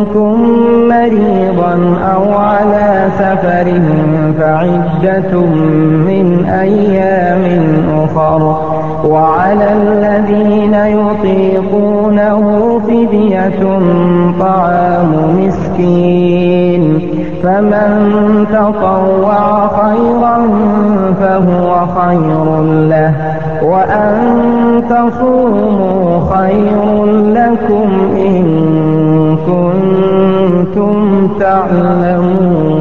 منكم مريضا أو على سفر فعدة من أيام أخر وعلى الذين يطيقونه فدية طعام مسكين فمن تطوع خيرا فهو خير له وأن تصوموا خير لكم إن كنتم تعلمون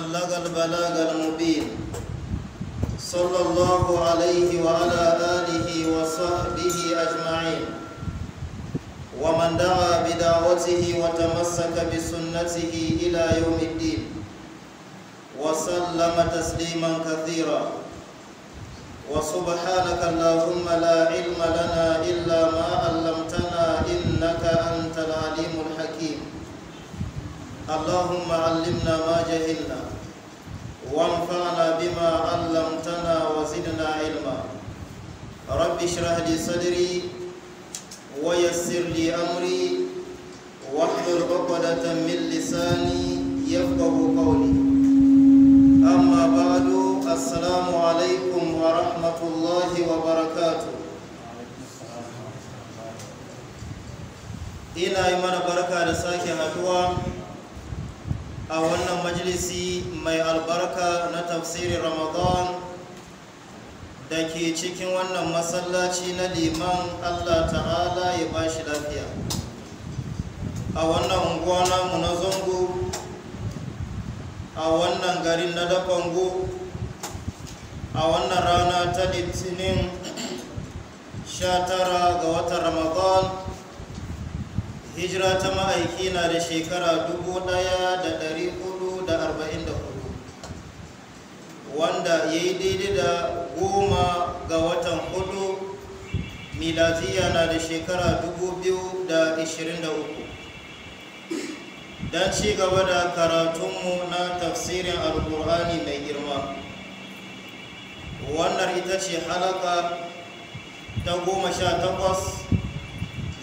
بلغ البلاغ المبين صلى الله عليه وعلى آله وصحبه أجمعين ومن دعا بدعوته وتمسك بسنته إلى يوم الدين وسلم تسليما كثيرا وسبحانك اللهم لا علم لنا إلا ما علمتنا إنك أنت العليم اللهم علمنا ما جهلنا وانفعنا بما علمتنا وزدنا علما رب اشرح لي صدري ويسر لي امري واحلل عقدة من لساني يفقه قولي اما بعد السلام عليكم ورحمة الله وبركاته إلى yi mana barka da a wannan majalisi mai albarka na tafsirin ramadan da ke cikin wannan masallaci na liman allah ta'ala ya ba shi lafiya a wannan unguwa mu na zango a wannan garin na dafango a wannan rana ta litinin 19 ga watan ramadan hijira ta ma'aiki na da shekara da da 1444 wanda ya yi daidai da goma ga watan hudu miladiya na da shekara 2023 don ci gaba da karatunmu na tafsirin alkur'ani mai girma wannan ita ce halaka ta goma sha takwas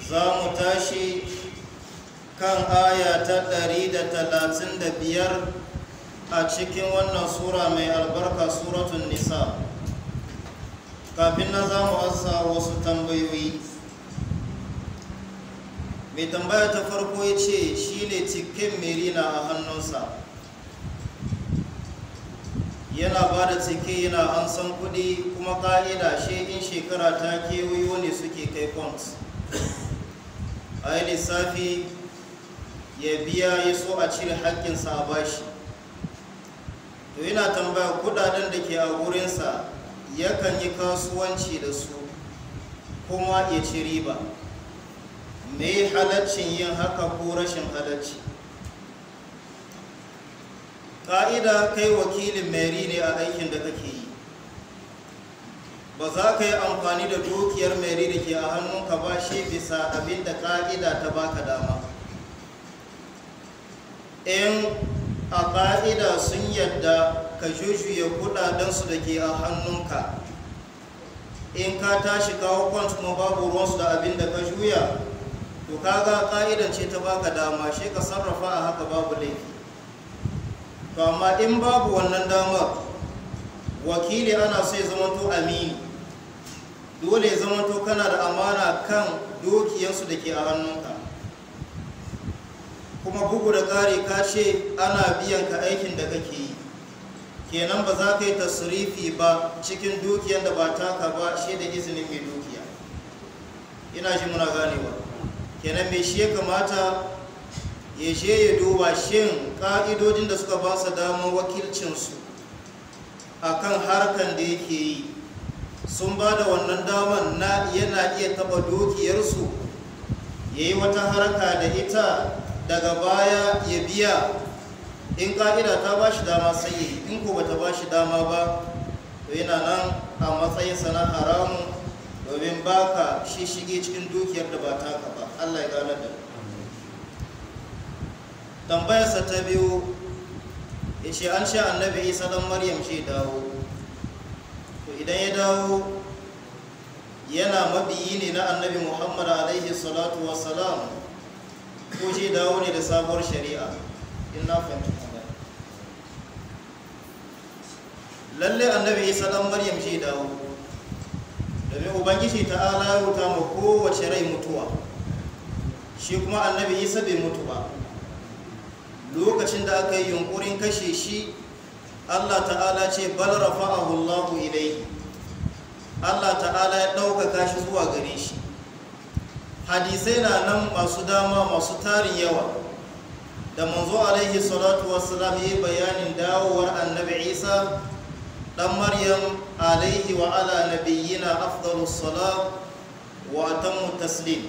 za mu tashi kan aya ta ɗari da da talatin biyar a cikin wannan sura mai albarka suratun nisa kafin na za mu asa wasu tambayoyi mai tambaya ta farko ya ce shi ne cikin merina a hannunsa yana ba da cike yana an san kuɗi kuma ka'ida shi in shekara ta kewayo ne suke kai kwant a yi lissafi ya biya ya so a cire haƙƙinsa a bashi to yana tambaya kudaden da ke a gurinsa yakan yi kasuwanci da su kuma ya ci riba me halaccin yin haka ko rashin halacci ƙa'ida kai wakilin meri ne a aikin da kake yi ba za ka yi amfani da dukiyar meri da ke a hannunka ba shi bisa abin da ƙa'ida ta baka dama in a ƙa'ida sun yadda ka jujjuya kudadensu da ke a hannunka in ka tashi kawo kuma babu ruwansu da abin da ka juya to kaga ƙa'idan ce ta baka dama shi ka sarrafa a haka babu laifi to amma in babu wannan damar wakili ana so ya zamanto amini dole zamanto kana da amana kan dukiyarsu da ke a hannunka kuma bugu da ƙari ka ce ana biyan ka aikin da kake yi kenan ba za ka yi tasrifi ba cikin dukiyar da ba taka ba shi da izinin mai dukiya ina ji muna ganewa kenan mai shi ya kamata ya je ya duba shin ƙa'idodin da suka ba su damar wakilcinsu a kan harkar da yake yi sun ba da wannan damar na yana iya taɓa dukiyarsu ya yi wata harka da ita daga baya ya biya in ka'ida ta ba shi dama sai yi in ko bata ba shi dama ba to yana nan a matsayin na haramun domin baka shishige cikin dukiyar da ba ka ba allah ya gane da tambayarsa ta biyu ya ce an sha annabi isa dan maryam ce dawo to idan ya dawo yana mabiyi ne na annabi muhammad alaihi salatu wasalam ko shi dawo ne da sabuwar shari'a in na fahimci magana lalle annabi isa dan maryam shi dawo domin ubangiji ta'ala ya wuta ma kowace rai mutuwa shi kuma annabi isa bai mutu ba lokacin da aka yi yunkurin kashe shi allah ta'ala ce bal a allahu ilai allah ta'ala ya ɗaukaka shi zuwa gare shi hadisai na nan masu dama masu tarin yawa da manzo alaihi salatu wassalam yi bayanin dawowar annabi isa dan maryam alaihi wa ala nabiyyina afdalus salam wa atammu taslim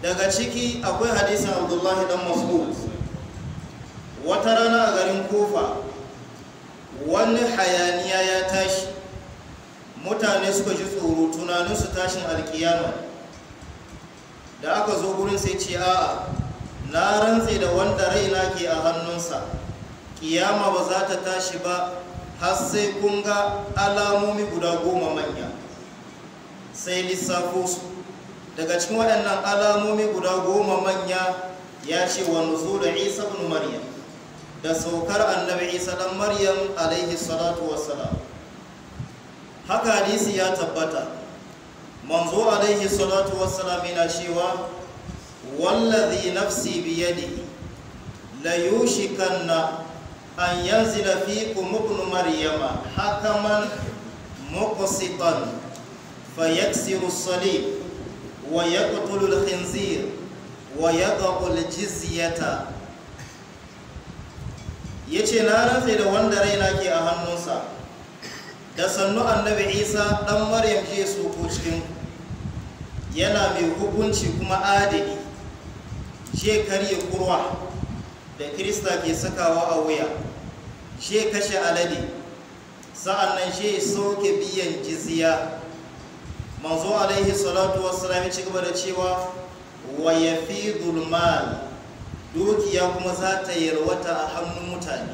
daga ciki akwai hadisin abdullahi dan mas'ud wata rana a garin kofa wani hayaniya ya tashi mutane suka ji tsoro tunaninsu tashin alkiyama da aka zo gurin sai ce a'a na rantse da wanda raina ke a hannunsa kiyama ba za ta tashi ba har sai kun ga alamomi guda goma manya sai lissafo su daga cikin waɗannan alamomi guda goma manya ya ce wa da isa ibn maryam da saukar annabi isa dan maryam alaihi salatu wassalam haka hadisi ya tabbata manzo alaihi salatu wassalam yana cewa wallazi nafsi biyadi la yushikanna an yanzila fikum ibn maryama hakaman muqsitan fayaksiru as-salib wa yaqtulu al-khinzir wa yaqu al-jizyata yace na rantse da wanda raina ke a hannunsa da sannu annabi Isa dan Maryam ke su ko cikin ku yana mai hukunci kuma adadi. she karye kurwa da kirista ke sakawa a wuya she kashe alade sa'annan she soke biyan jiziya manzo alaihi salatu Wasu ci gaba da cewa wa yafidul mal dukiya kuma za ta yalwata a hannun mutane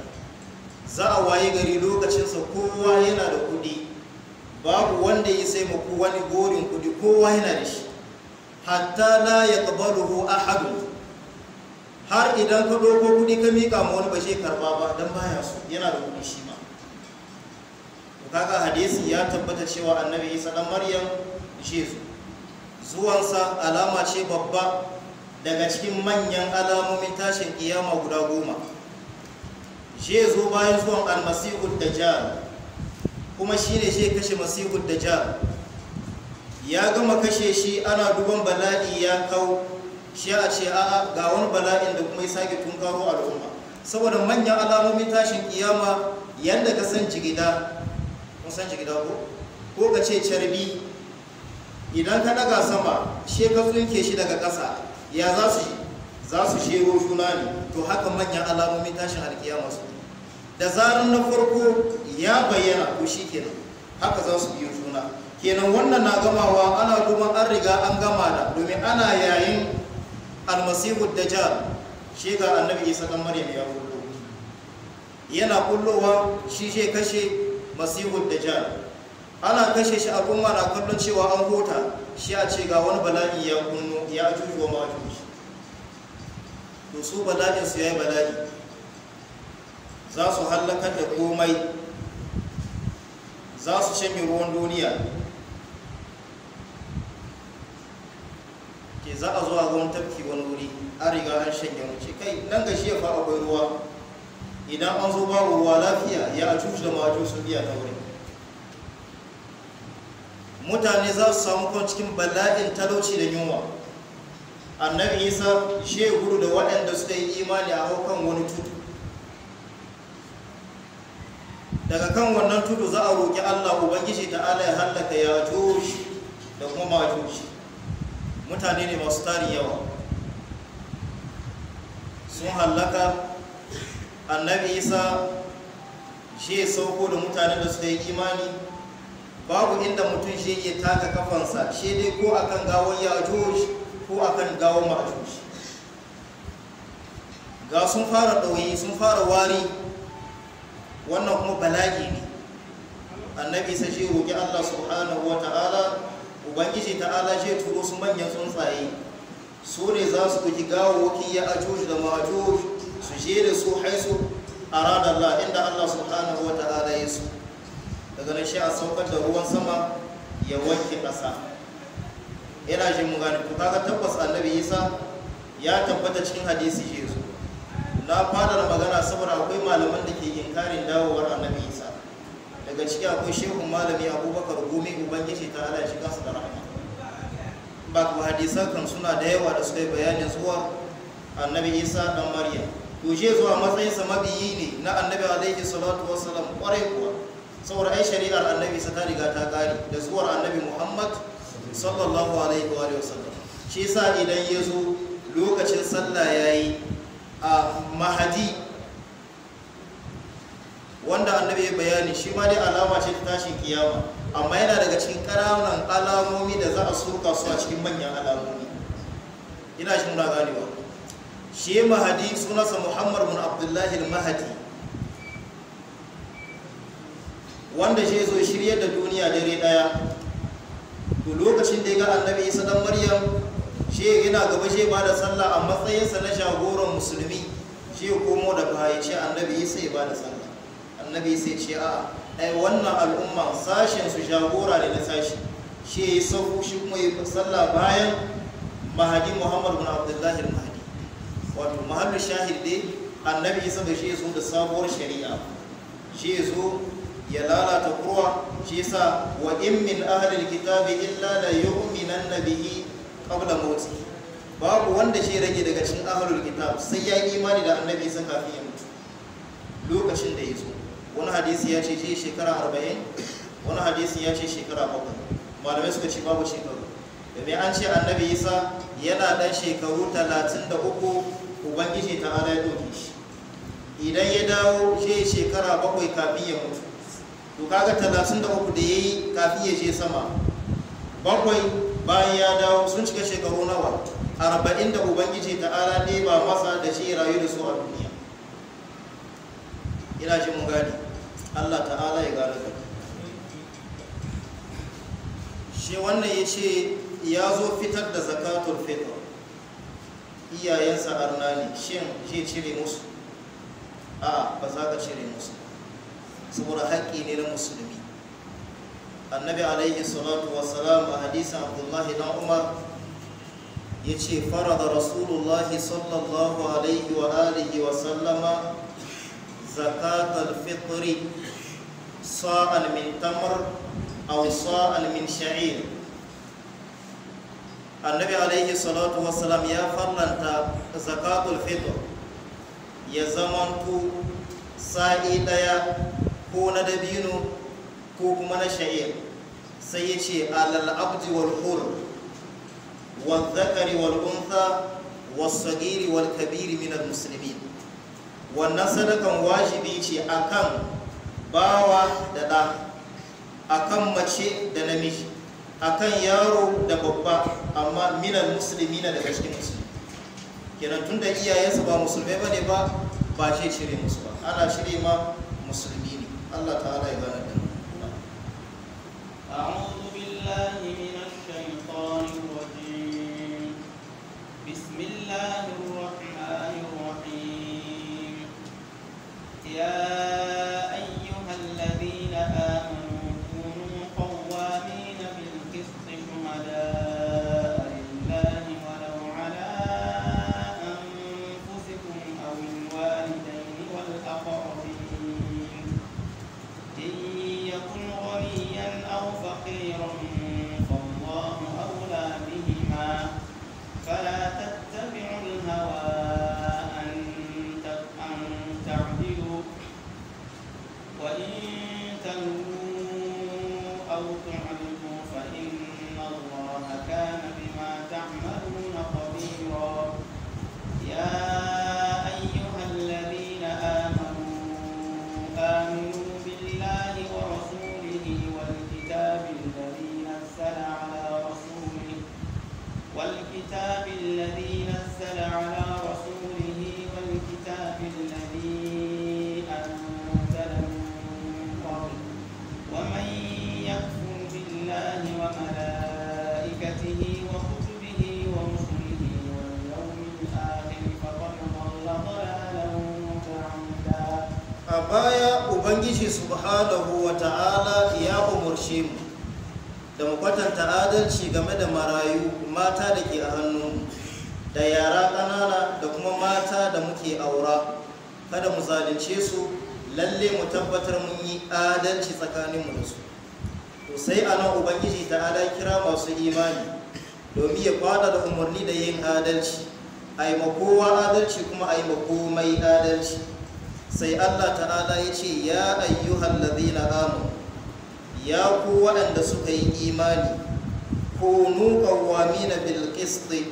za a waye gari lokacinsa kowa yana da kudi babu wanda ya sai ma kowa ne gorin kudi kowa yana da shi hatta la a ahadun har idan ka doko kudi ka mika ma wani ba shi karba ba dan baya so yana da kudi shi ma kaga hadisi ya tabbata cewa annabi Isa dan Maryam Jesu zuwansa alama ce babba daga cikin manyan alamomin tashin kiyama guda goma Jesu bayan zuwan almasihu da jihar. kuma shi ne shi kashe masihu da jihar. ya gama kashe shi ana duban bala'i ya kawo shi a ce a'a ga wani bala'in da kuma ya sake tunkaro al'umma saboda manyan alamomin tashin kiyama yadda ka san jigida kun san jigida ko ko ka ce carbi idan ka daga sama she ka tsinke shi daga ƙasa ya za su za su juna ne to haka manyan alamomin tashin alkiyama su da zarar na farko ya bayyana ko shi kenan haka za su biyo juna kenan wannan na gamawa ana kuma an riga an gama da domin ana yayin almasihu dajjal shi ga annabi isa dan maryam ya kullo yana kullowa shi shi kashe masihu dajjal ana kashe shi a kuma na kallon cewa an hota shi a ce ga wani bala'i ya kunno ya wa majuji to su bala'in su yayi bala'i za su hallakar da komai za su shanye ruwan duniya ke za a zuwa ruwan tafki wani wuri a riga an shanye wuce kai nan ga shi ya fa akwai ruwa idan an zo babu ruwa lafiya ya a cuci da mawaju su biya ta wuri mutane za su samu kwan cikin bala'in talauci da yunwa annabi isa shi guru da waɗanda suka yi imani a haukan wani tutu. daga kan wannan tutu za a roƙi allah ubangiji ta ala ya hallaka ya da kuma majushi mutane ne masu tari yawa sun hallaka annabi isa shi ya sauko da mutane da suka yi imani babu inda mutum shi ke taka kafansa shi dai ko akan gawon joji, ko akan gawon majuj ga sun fara ɗauyi sun fara wari wannan kuma balagi ne annabi sa shi roƙi allah subhanahu wa ta'ala ubangiji ta ala shi turo su manyan tsuntsaye su ne za su gawo gawawaki ya ajuj da majuj su je da su haisu a ranar inda allah subhanahu wa ta'ala ya su daga na shi a saukar da ruwan sama ya wanke ƙasa ina shi mu gani ku kaga tabbas annabi isa ya tabbata cikin hadisi shi na fadar magana saboda akwai malaman da ke inkarin dawowar annabi isa daga ciki akwai shehun malami abubakar gumi ubangiji ta ala shiga su da rahama ba ku hadisan kan suna da yawa da suka yi bayanin zuwa annabi isa dan maryam yaushe zuwa matsayinsa mabiyi ne na annabi alaihi salatu wassalam kwarai kuwa saboda ai shari'ar annabi sa ta riga ta kare da zuwar annabi muhammad sallallahu alaihi wa sallam shi yasa idan ya zo lokacin sallah ya yi a mahadi wanda annabi ya bayani shi ma dai alama ce ta tashin kiyama amma yana daga cikin ƙananan alamomi da za a surka su a cikin manyan alamomi ina shi muna ganewa shi mahadi sunansa muhammad bin abdullahi mahadi wanda shi zo shirye da duniya dare daya to lokacin da ya ga annabi isa dan maryam shi yana gaba shi ba da sallah a matsayinsa na shagoran musulmi shi ya komo da bayan annabi isa ya ba da sallah annabi sai ce a ai wannan al'umma sashen su jagora ne na sashi shi ya yi sahu shi kuma ya sallah bayan mahadi muhammad bin abdullahi mahadi wato mahallu shahid dai annabi isa da shi ya zo da sabuwar shari'a shi ya zo ya lalata kurwa shi yasa wa in min ahlil kitabi illa la yu'minanna bihi qabla mawtihi babu wanda shi rage daga cikin ahlul kitab sai ya imani da annabi sai kafin lokacin da ya zo wani hadisi ya ce ce shekara arba'in wani hadisi ya ce shekara bakwai malamai suka ce babu shekaru domin an ce annabi isa yana dan shekaru talatin da uku ubangiji ta ala ya ɗauke shi idan ya dawo ce shekara bakwai kafin ya mutu to kaga talatin da uku da ya yi kafin ya je sama bakwai bayan ya dawo sun cika shekaru nawa arba'in da ubangiji ta ala ɗeba masa da shi rayu da su a duniya ina ji mun gani Allah ta'ala ya gane ka shi wannan ya ce ya zo fitar da zakatul fitr iyayensa arna ne shin zai cire musu a ba za ka cire musu saboda haƙƙi ne na musulmi annabi alaihi salatu Salam a hadisan abdullahi na umar ya ce fara da rasulullahi sallallahu alaihi wa alihi wa sallama زكاة الفطر صاع من تمر أو صاع من شعير النبي عليه الصلاة والسلام يا فرلنت زكاة الفطر ya zamanto sa'i ɗaya ko na dabino ko kuma na sha'ir sai ya ce alal abdi wal hur wal zakari wal kabiri wannan sadakan wajibi ce akan bawa da ɗa akan mace da namiji akan yaro da babba amma minan musulmi na daga cikin musulmi kenan tun da iyayensu ba musulmai bane ba ba ce cire musu ba ana cire ma musulmi ne Allah ta'ala ya gane domin ya fada da umarni da yin adalci a yi makowa adalci kuma a yi makomai adalci sai allah ta'ala ya ce ya ayyuhan na amu ya ku waɗanda suka yi imani ko nuƙawwami na bilkisti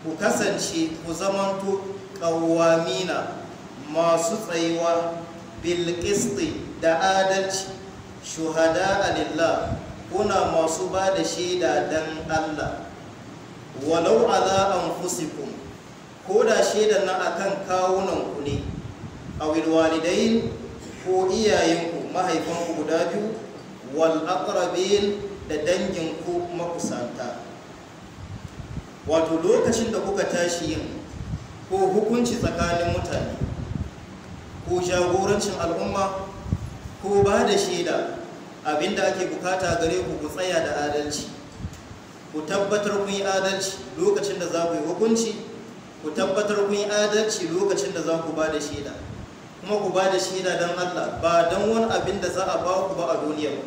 ku kasance ku zamanto ƙawwamina masu tsayuwa bilkisti da adalci shuhada a lillah kuna masu ba da shaida dan Allah walau ala anfusikum ko da shaidan nan akan kawunan ku ne a walidain ko iyayenku mahaifanku guda biyu wal aqrabin da danginku makusanta wato lokacin da kuka tashi yin ko hukunci tsakanin mutane ko jagorancin al'umma ko ba da shaida abinda ake bukata gare ku ku tsaya da adalci ku tabbatar kun yi adalci lokacin da za ku yi hukunci ku tabbatar kun yi adalci lokacin da za ku ba da shaida kuma ku ba da shaida don Allah ba don wani abin da za a ba ku ba a duniya ba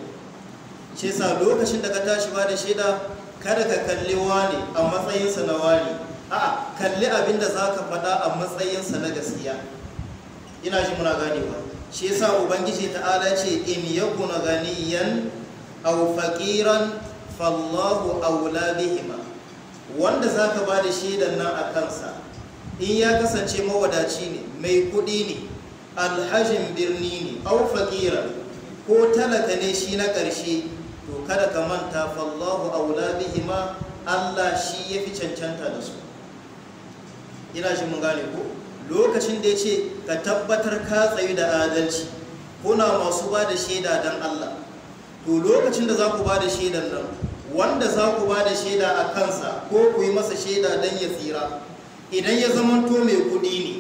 sa lokacin da ka tashi ba da shaida kada ka kalli wani a matsayinsa na wani a'a kalli abin da za ka faɗa a matsayinsa na gaskiya ina shi muna ganewa shi yasa ubangiji ta'ala ce in yakun ganiyan aw faqiran fallahu aula bihima wanda zaka ba da shaidan nan a kansa in ya kasance mawadaci ne mai kudi ne alhajin birni ne aw ko talaka ne shi na ƙarshe to kada ka manta fallahu aula bihima Allah shi yafi cancanta da su ina shi mun gane ko lokacin da ya ce ka tabbatar ka tsayu da adalci kuna masu ba da shaida don Allah to lokacin da za ku ba da shaidan nan wanda za ku ba da shaida a kansa ko ku yi masa shaida don ya tsira idan ya zamanto mai kudi ne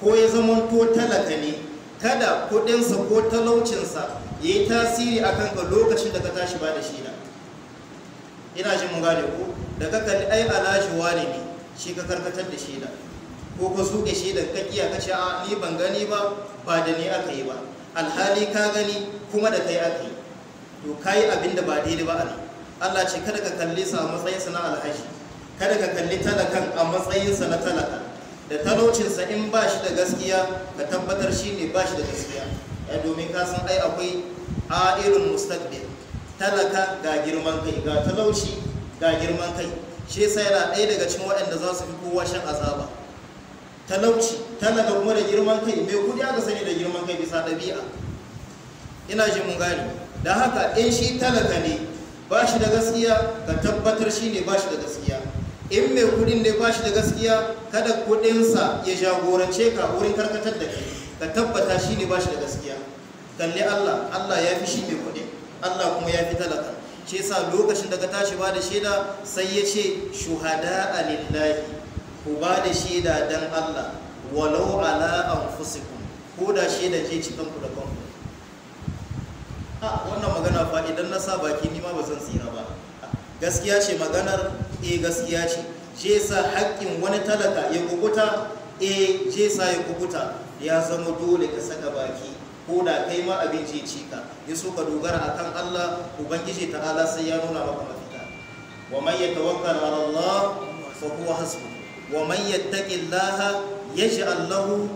ko ya zamanto talaka ne kada kudinsa ko talaucinsa ya yi tasiri a kanka lokacin da ka tashi ba da shaida ina jin mun gane ko da ka kalli ai alashi ne ne shi ka karkatar da shaida ko ka zuke shi da kakiya ka ce a ni ban gani ba ba da ni aka yi ba alhali ka gani kuma da kai aka yi to kai abin da ba daidai ba ne Allah ce kada ka kalli sa a matsayin sa na alhaji kada ka kalli talakan a matsayin sa na talaka da talaucin sa in ba shi da gaskiya ka tabbatar shi ne ba shi da gaskiya ya domin ka san ai akwai a irin mustaqbil talaka ga girman kai ga talauci ga girman kai shi sai yana ɗaya daga cikin waɗanda za su fi kowa shan azaba talauci talaka kuma da girman kai mai kudi aka sani da girman kai bisa ɗabi'a ina shi mun gane da haka in shi talaka ne ba shi da gaskiya ka tabbatar shi ne ba shi da gaskiya in mai kudin ne ba shi da gaskiya kada kudinsa ya jagorance ka wurin karkatar da kai ka tabbata shi ne ba shi da gaskiya kalli allah allah ya fi shi mai kudi allah kuma ya fi talaka shi yasa lokacin da ka tashi ba da shaida sai ya ce shuhada lillahi ku ba da shaida dan Allah walau ala anfusikum ko da shaida ke cikin ku da kanku a wannan magana fa idan na sa baki ni ma ba zan tsira ba gaskiya ce maganar eh gaskiya ce je sa haƙƙin wani talaka ya kukuta eh je sa ya kukuta ya zama dole ka saka baki ko da kai ma abinci ci ka ya so ka dogara akan Allah ubangiji ta'ala sai ya nuna maka mafita wa man yatawakkal ala Allah fa huwa hasbuh wa man yattaqillaha yaj'al lahu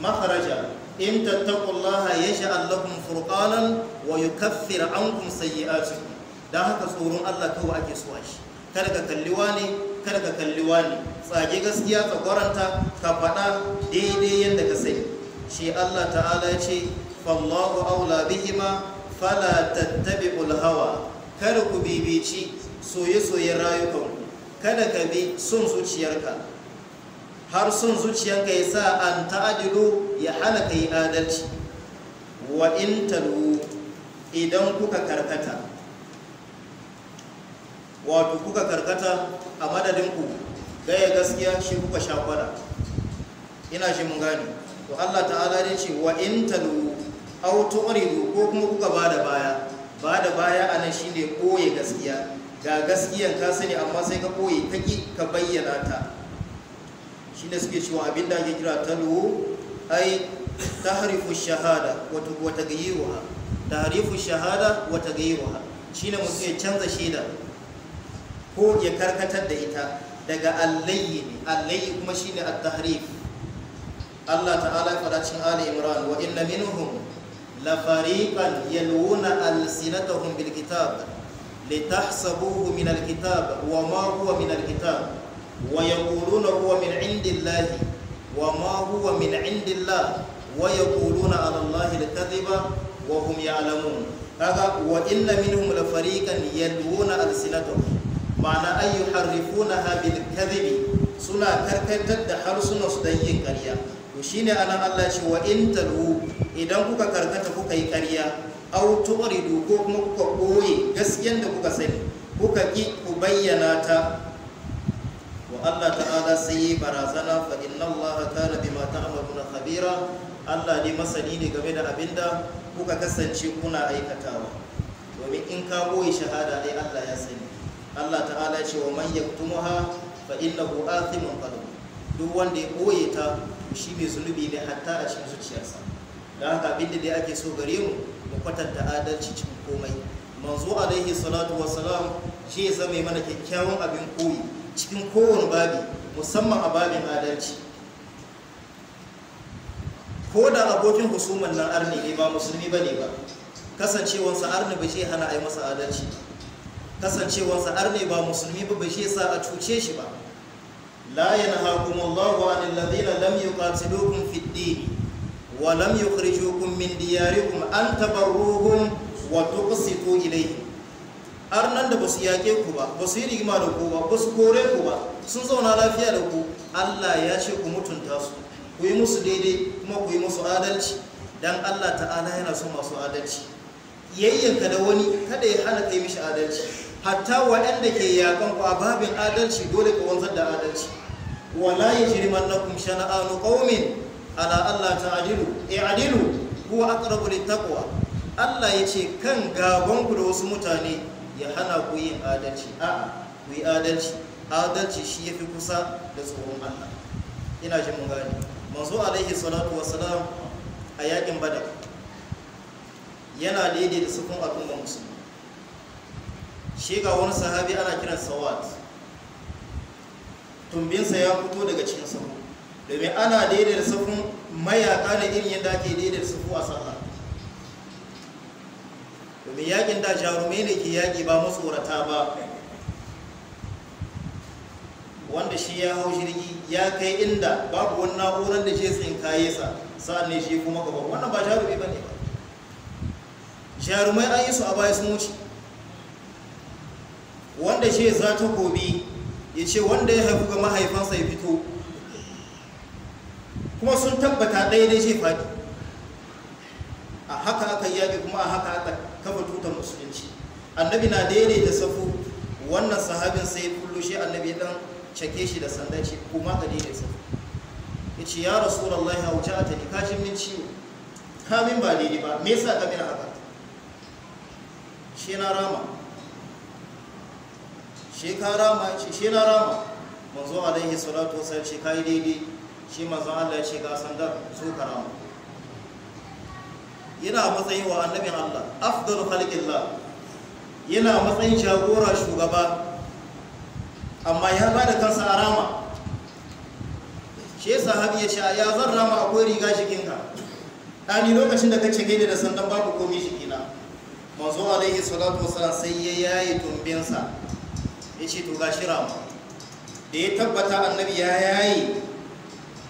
makhraja in tattaqullaha yaj'al lakum furqanan wa yukaffir ankum sayyi'atikum Da haka tsoron Allah kawai ake so shi kada ka kalli wani kada ka kalli wani tsage gaskiya tsagoranta ka faɗa daidai yadda ka sayi. shi Allah ta'ala ya ce fallahu aula bihima fala tattabi'ul hawa kada ku bibici soye-soyen rayukanku kada ka bi sun zuciyarka har sun zuciyarka ya sa an ta'adilu ya hana ka yi adalci wa in talu idan kuka karkata wato kuka karkata a madadinku gaya gaskiya shi kuka shakwara ina shi mun gani to Allah ta'ala ya ce wa in talu aw tu'ridu ko kuma kuka bada baya bada baya anan shine koye gaskiya ga gaskiyan ka sani amma sai ka koyi ta ki ka bayyana ta shi ne suke cewa abin da ake kira talwo ai ta tahrifu shahada wa tagayyuha tahrifu shahada wata wa tagayyuha ne mutum ya canza shaida ko ya karkatar da ita daga allayyi ne allayyi kuma shine at-tahrif Allah ta'ala ya fara cin Ali Imran wa inna minhum la fariqan yalwuna al-sinatahum bil kitab litahsabuhu min alkitab wa ma huwa min alkitab wa yaquluna huwa min indillahi wa ma huwa min indillah wa yaquluna ala allahi alkadhiba wa hum ya'lamun kaga wa inna minhum la fariqan yaduna alsinatahum ma'ana ay yuharrifunaha bil kadhibi suna karkatar da harsunan su dan yin ƙarya to shine anan Allah ce wa in talu idan kuka karkata kuka yi ƙarya aw tuwridu ko kuma kuka ɓoye gaskiyan da kuka sani kuka ki ku bayyana ta wa Allah ta'ala sai yi barazana fa inna Allah kana bima ta'maluna khabira Allah ne masani ne game da abinda kuka kasance kuna aikatawa domin in ka ɓoye shahada ai Allah ya sani Allah ta'ala ce wa man yaktumuha fa innahu athimun qalbu duk wanda ya ɓoye ta shi mai zunubi ne hatta a cikin zuciyarsa da haka abinda dai ake so gare mu mu kwatanta adalci cikin komai manzo alaihi salatu wassalam shi ya zama mana kyakkyawan abin koyi cikin kowane babi musamman a babin adalci ko da abokin husuman nan arni ne ba musulmi bane ba kasancewansa arni ba shi hana a yi masa adalci kasancewansa arni ba musulmi ba ba shi sa a cuce shi ba la yanhaakum Allahu 'anil ladina lam yuqatilukum fid din ولم يخرجوكم من دياركم أن تبروهم وتقسطوا إليهم arnan da basu yake ku ba basu yi rigima da ku ba basu kore ku ba sun zauna lafiya da ku Allah ya ce ku mutunta su ku yi musu daidai kuma ku yi musu adalci dan Allah ta'ala yana so masu adalci yayyanka da wani kada ya hana kai mishi adalci hatta waɗanda ke yakan ku a babin adalci dole ka wanzar da adalci wala yajrimannakum shana'anu qaumin ala Allah e adilu huwa aqrabu littaqwa Allah yace kan gagon ku da wasu mutane ya hana ku yin adalci a ku yi adalci adalci shi yafi kusa da tsoron Allah ina jin mun gane manzo alaihi salatu wassalam a yakin badar yana daidai da sukun da musulmi shi ga wani sahabi ana kiran sawat tumbinsa ya fito daga cikin sahabi domin ana daidai da safin mayaka da irin yadda ake daidai da safu a sa'a domin yakin da jarumai ne ke yaki ba matsorata ba wanda shi ya hau jirgi ya kai inda babu wani na'urar da ce kaye sa sa'an ne shi kuma gaba wannan ba jarumi ba ne ba jarumai an yi su a baya sun wuce wanda ce za ta gobe ya ce wanda ya haifu ga mahaifansa ya fito kuma sun tabbata ɗaya dai zai faɗi a haka aka yaƙi kuma a haka aka kafa tutar musulunci annabi na daidai da safu wannan sahabin sai kullu shi annabi ya dan cake shi da sanda ce kuma ka daidai safu ya ce ya rasulallah ya wuce a ta kashin min ciwo kamin ba daidai ba me sa ka mina haka shi na rama shi ka rama shi na rama manzo alaihi salatu wasallam ka yi daidai shi manzon Allah ya ce ga sandar su karama yana matsayin wa annabin Allah afdalu khalqillah yana matsayin jagora shugaba amma ya ba da kansa a rama shi sahabi ya ce ya zan rama akwai riga shikinka ɗani lokacin da ka cike ni da sandan babu komi shikina manzo alaihi salatu wasalam sai ya yayi tumbinsa ya ce to gashi rama da ya tabbata annabi ya yayi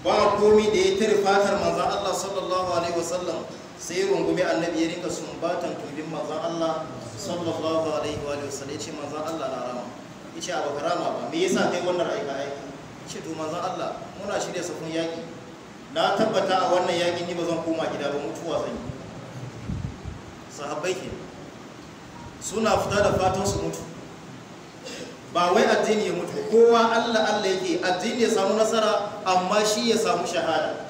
ba komi da ya tare fatar manzan Allah sallallahu alaihi wasallam sai rungumi annabi ya sun batan tubin manzan Allah sallallahu alaihi wasallam ya ce manzan Allah na rama ya ce abu rama ba me yasa kai wannan aika aiki ya ce to manzan Allah muna shirya safin yaƙi na tabbata a wannan yaƙi ni ba zan koma gida ba mutuwa zan yi sahabbai ke suna fita da fatan su mutu ba wai addini ya mutu kowa Allah Allah yake addini ya samu nasara amma shi ya samu shahada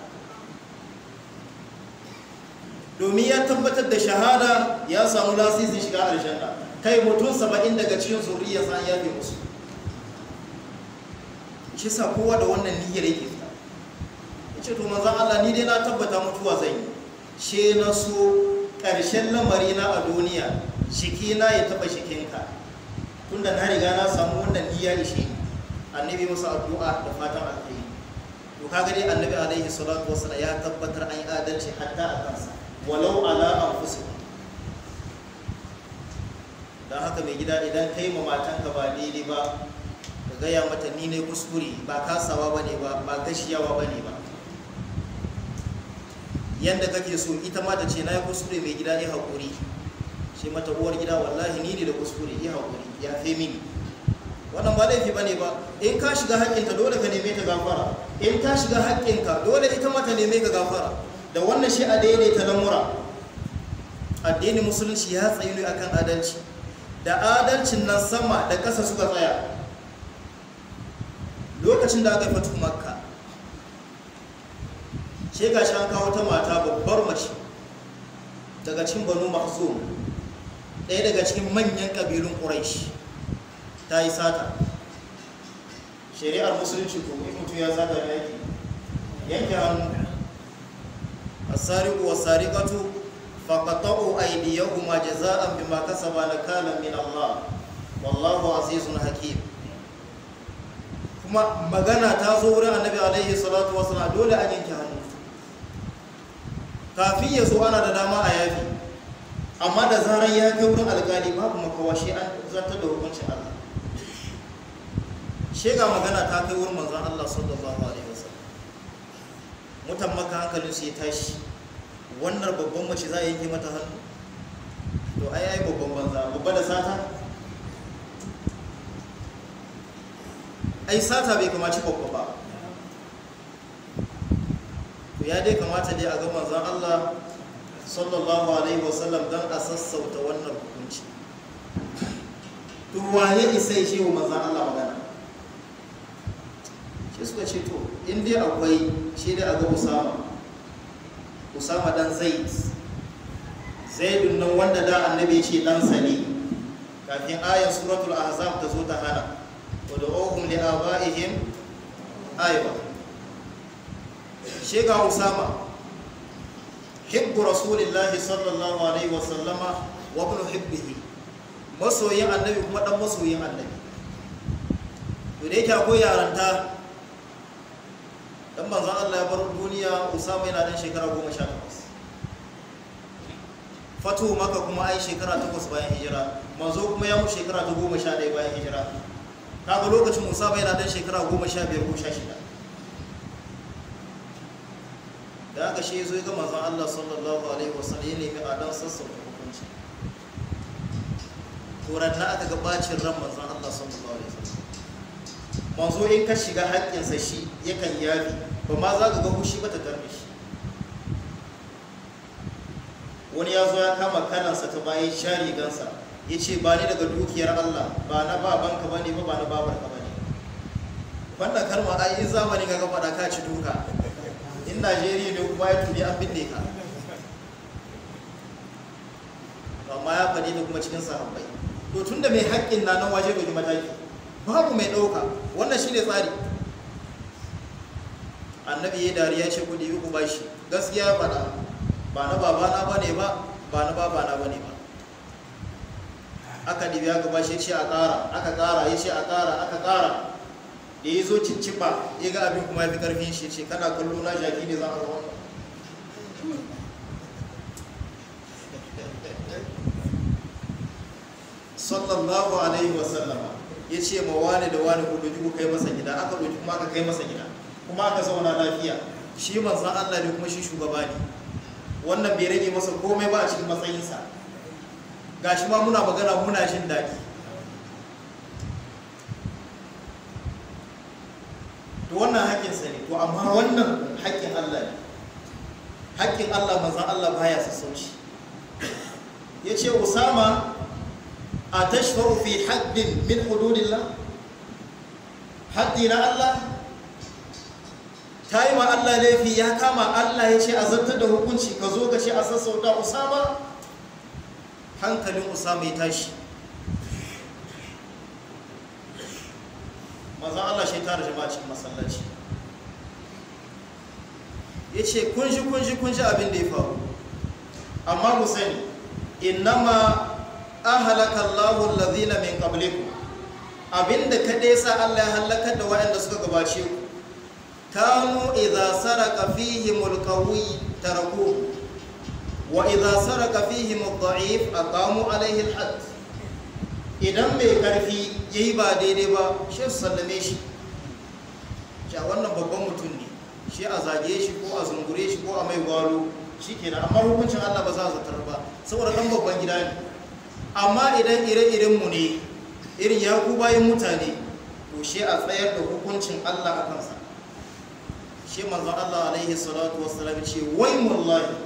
domin ya tabbatar da shahada ya samu lasisin shiga aljanna kai mutum saba'in daga cikin zuriya sa ya bi musu shi sa kowa da wannan niyyar yake ta yace to manzo Allah ni dai na tabbata mutuwa zan yi she na so ƙarshen lamari na a duniya shikina ya taba shikinka tunda na riga na samu wannan niyya ishe shi annabi masa addu'a da fatan alheri to kaga dai annabi alaihi salatu wassalam ya tabbatar an yi adalci hatta a kansa walau ala anfusikum dan haka mai gida idan kai ma matanka ba daidai ba ka gaya mata ni ne kuskure ba kasawa bane ba ba gashiyawa bane ba Yanda kake so ita ma ta ce na yi kuskure mai gida ne haƙuri shi mata uwar gida wallahi ni ne da kuskure yi haƙuri ya fi mini wannan ba laifi bane ba in ka shiga haƙƙinta dole ka neme ta gafara in ta shiga haƙƙinka dole ita ma ta neme ka gafara da wannan shi a daidaita lamura addinin musulunci ya tsayi ne akan adalci da adalcin nan sama da ƙasa suka tsaya lokacin da aka yi fatu makka shi ga shan kawo ta mata babbar mace daga cin banu mahzum ɗaya daga cikin manyan ƙabilun ƙuraish ta yi sata shari'ar musulunci ko in mutum ya sata da yake yanke hannu A asariku za a bi maka saba na kalan min Allah wallahu na hakim kuma magana ta zo wurin annabi alaihi salatu na dole an yanke hannu kafin ya zo ana da dama a yafi amma da zarar ya kai wurin alkali babu kawo shi an zartar da hukuncin Allah shi ga magana ta kai wurin manzon Allah sallallahu alaihi wasallam mutan maka hankalin su ya tashi wannan babban mace za a yanke mata hannu to ai ai babban banza babba da sata ai sata bai kamaci babba ba to ya dai kamata dai a ga manzon Allah sallallahu alaihi wasallam don a sassauta wannan hukunci tun waye isa ya wa manzan Allah magana shi suka ce to in dai akwai shi da aga usama usama dan zaid zaidun nan wanda da annabi ce dan sani kafin ayar suratul ahzab ta zo ta hana wa da'uhum li abaihim aywa shi ga usama hibbu rasulillahi sallallahu alaihi sallama wa ibn hibbihi masoyin annabi kuma dan masoyin annabi to da yake akwai yaranta dan manzon Allah ya bar duniya Usama yana dan shekara 18 fatu maka kuma ai shekara 8 bayan hijira manzo kuma ya mu shekara 11 bayan hijira kaga lokacin Usama yana dan shekara 15 ko 16 da aka shi zo ga manzon Allah sallallahu alaihi wasallam ya nemi a dan sassan hukunci turan na aka ga bacin ran manzon Allah sallallahu alaihi wasallam manzo in ka shiga haƙƙinsa shi yakan yafi ba ma za ka ga hushi ba ta tarbe shi wani ya zo ya kama kanansa ta bayan sha rigansa ya ce ba ni daga dukiyar Allah ba na babanka ba ne ba ba na babarka ba ne wannan kalma a yi zamani ga gaba da ka ci duka in najeriya ne kuma ya tuni an binne ka amma ya faɗi da kuma cikin sahabbai to tun da mai haƙƙin na nan waje ɗauki mataki babu mai ɗauka wannan shi ne tsari annabi ya dariya ce kudi ɗibi ba shi gaskiya ba na ba na babana ba ne ba ba na babana ba ne ba aka ɗibi aka bashi shi ya ce a ƙara aka ƙara ya ce a ƙara aka ƙara da ya zo cicciɓa ya ga abin kuma ya fi ƙarfin shi ce kana kallo na jaki ne za a zama sallallahu alaihi wasallama ya ce ma wani da wani ku ɗauki ku kai masa gida aka ɗauki kuma aka kai masa gida kuma aka zauna lafiya shi manzan Allah ne kuma shi shugaba ne wannan bai rage masa komai ba a cikin matsayinsa Ga shi ma muna magana muna jin daɗi to wannan haƙƙinsa ne to amma wannan haƙƙin Allah ne haƙƙin Allah manzan Allah baya sassauci ya ce usama a tashfaru fi haddin min hududillah haddi na Allah ta yi ma Allah laifi ya kama Allah ya ce a zartar da hukunci ka zo ka ce a sassauta usama hankalin usama ya tashi manzan Allah shi tara jama'a cikin masallaci ya ce kunshi kunshi kunshi abin da ya faru amma ku sani innama ahalaka Allahun lazina min qablikum abinda kaɗai sa Allah ya halakar da waɗanda suka gabace ku kanu idza saraka fihim alqawi tarakuhu wa iza saraka fihim ad-da'if aqamu alayhi al-hadd idan mai karfi ya yi ba daidai ba shi sallame shi ja wannan babban mutum ne shi a zage shi ko a zungure shi ko a mai walo. shi kenan amma hukuncin allah ba za a zatar ba saboda ɗan babban gida ne amma idan ire-irenmu ne irin ya ku bayan mutane to shi a tsayar da hukuncin allah a kansa shi manzan allah alaihi salatu wasu ce wai mullahi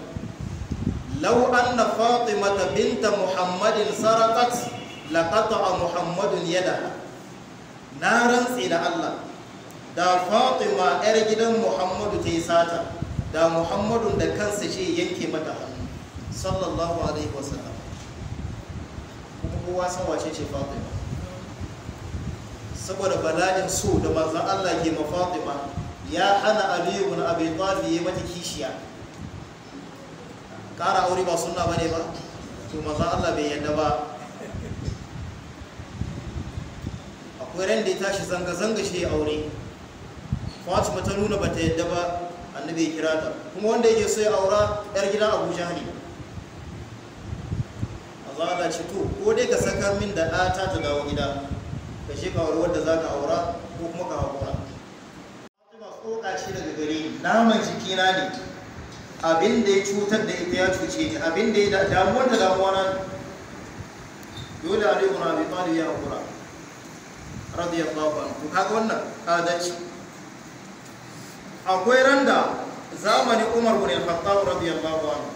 lau an na fatimata binta muhammadin sarakat a muhammadun yada na rantsi da Allah da fatima yar gidan muhammadu ta yi sata da muhammadun da kansa shi yanke mata hannu sallallahu alaihi wasallam kuma kowa san wace ce fatima saboda bala'in so da manzon Allah ke ma fatima ya hana aliyu bin abi talib ya mata kishiya kara aure ba sunna bane ba to manzon Allah bai yadda ba akwai da ya tashi zanga-zanga shi aure fatima ta nuna bata yadda ba annabi ya kira ta kuma wanda yake so ya aura yar gida abuja ne azala ce to ko dai ka sakar min da ɗata ta dawo gida ka shi ka aure wadda za ka aura ko kuma ka haƙura fatima tsoka ce daga gare ni naman jikina ne abin da ya cutar da ita ya cuce ta abin da ya damuwar da damuwa na dole a rikuna bai faru ya haƙura radiyallahu anhu kaga wannan ka dace. akwai randa zamani Umar bin Al-Khattab radiyallahu anhu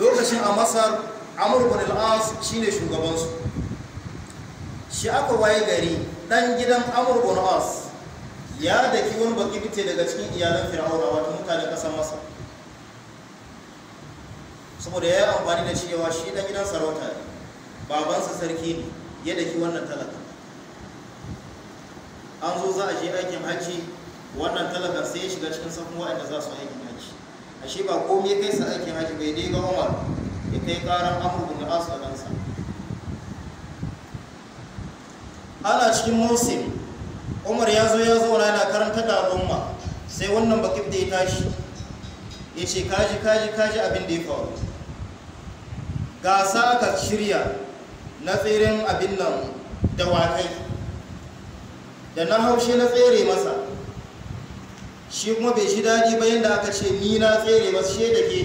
lokacin a Masar Amr bin Al-As shine shugaban su shi aka waye gari dan gidan Amr bin Al-As ya daki wani baki bakibite daga cikin iyalan Fir'auna wato mutanen kasar Masar saboda ya yi amfani da cewa shi dan gidan sarauta ne babansa sarki ne ya daki wannan talaka an zo za a je aikin hajji wannan talaka sai ya shiga cikin safin wa'anda za su aikin hajji ashe ba komai kai sa aikin hajji bai dai ga umar ya kai karan amur da asu a ransa ana cikin musim umar ya zo ya zauna yana karanta da al'umma sai wannan bakif da ya tashi ya ce kaji kaji kaji abin da ya faru gasa aka shirya na tseren abin nan da wakai da na haushe na tsere masa shi kuma bai shi daɗi ba yadda aka ce ni na tsere masa shi da ke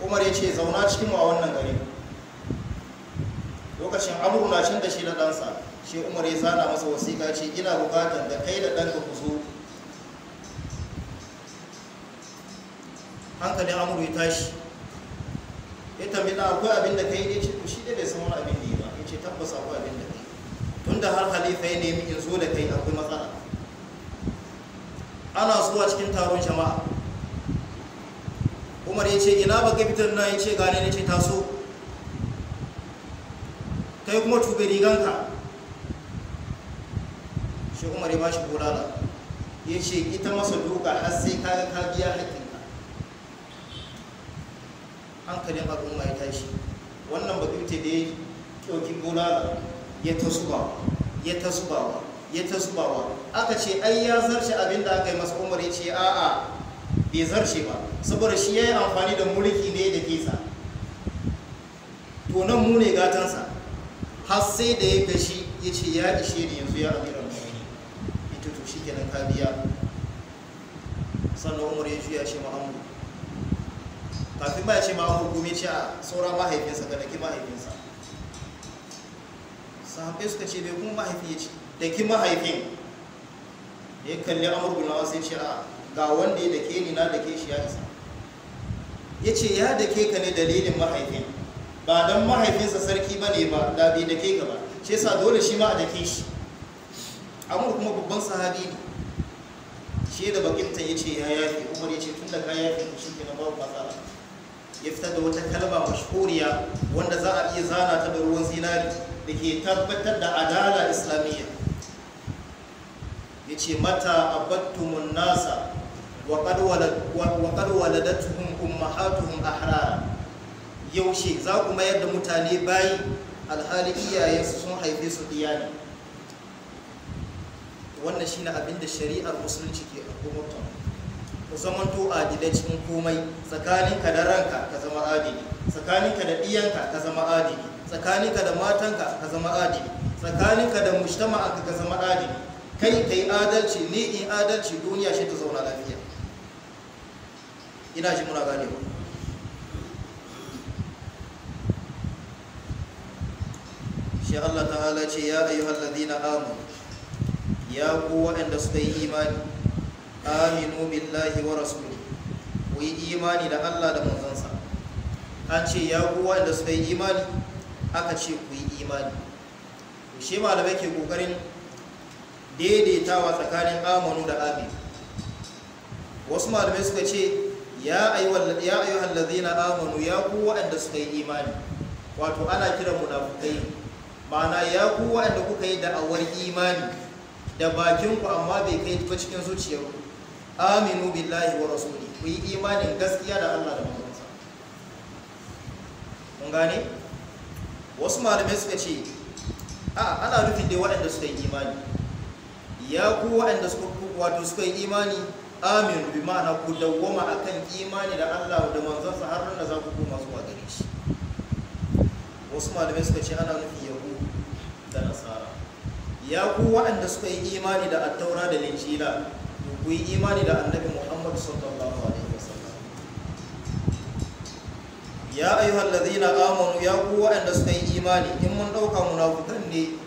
umar ya ce zauna cikin wa wannan gari lokacin amuru na da shi na ɗansa shi umar ya zana masa wasiƙa ce ina bukatar da kai da ɗanka ku zo hankalin amuru ya tashi ya tambayi da akwai abin da ka yi ne ce to shi dai bai san wani abin da yi ba ya ce tabbas akwai abin da ka yi Tun da har halifa ya nemi in zo da kai akwai matsala ana a cikin taron jama'a umar ya ce ina ba ka fitar na ya ce gane ne ce taso kai kuma tuga riganka shi umar ya ba shi bulala ya ce ita masa duka har sai ka biya haƙƙi hankalin al'umma ya tashi wannan ba da ya ɗauki bulala ya ta subawa ya ta subawa ya ta subawa aka ce ai ya zarce abin da aka yi masa umar ya ce a'a bai zarce ba saboda shi ya yi amfani da mulki ne da kisa to nan mu ne gatansa har sai da ya gashi ya ce ya ishe ne yanzu ya amira mummuni ita to shi kenan ka sannan umar ya juya shi muhammadu kafin ba ya ce ma hukumi ce a saura mahaifinsa ga daki mahaifinsa sahabbai suka ce bai kuma mahaifi ya ce daki mahaifin ya kalli amurgulawa sai ce a ga wanda ya dake ni na dake shi ya isa ya ce ya dake ka ne dalilin mahaifin ba don mahaifinsa sarki ba ne ba da bai dake ka ba ce sa dole shi ma a dake shi amur kuma babban sahabi ne shi da bakinta ya ce ya yafi umar ya ce tun da ka yafi shi ke na babu matsala ya fitar da wata kalma mashhuriya wanda za a iya zana ta da ruwan zinari da ke tabbatar da adala islamiyya ya ce mata abattumun nasa waƙar waladatuhun a harara. yaushe za ku mayar da mutane bayi alhali iyayensu sun haife su ɗiya wannan shine abin da shari'ar musulunci ke al'ummar ku zamanto adilai cikin komai tsakaninka da ranka ka zama adili tsakaninka da ɗiyanka ka zama adili tsakaninka da matanka ka zama adili tsakaninka da mujtama'anka ka zama adili kai ka yi adalci ni in adalci duniya shi ta zauna lafiya ina ji muna gane ba shi Allah ta'ala ce ya ayyuhal ladina amanu ya ku waɗanda suka yi imani aminu billahi wa rasuluhu ku yi imani da Allah da manzansa an ce ya kowa da suka yi imani aka ce ku yi imani shi malamai ke kokarin daidaitawa tsakanin amanu da amin wasu malamai suka ce ya hallazi na amanu ya ku inda suka yi imani wato ana kiran munafukai ma'ana ya ku inda kuka yi da'awar imani da bakinku amma bai kai ba cikin zuciyarku aminu billahi wa rasuli ku yi imanin gaskiya da Allah da manzonsa mun gane wasu malamai suka ce a ana nufin dai waɗanda suka yi imani ya ku waɗanda suka wato suka yi imani aminu bi ma'ana ku dawwama akan imani da Allah da manzonsa har nan da za ku koma zuwa gare shi wasu malamai suka ce ana nufin yahudu da nasara ya ku waɗanda suka yi imani da attaura da linjila ku yi imani da annabi muhammadu sallallahu alaihi wasallam ya ayyuhal ladina amanu ya ku waɗanda suka yi imani in mun ɗauka munafukan ne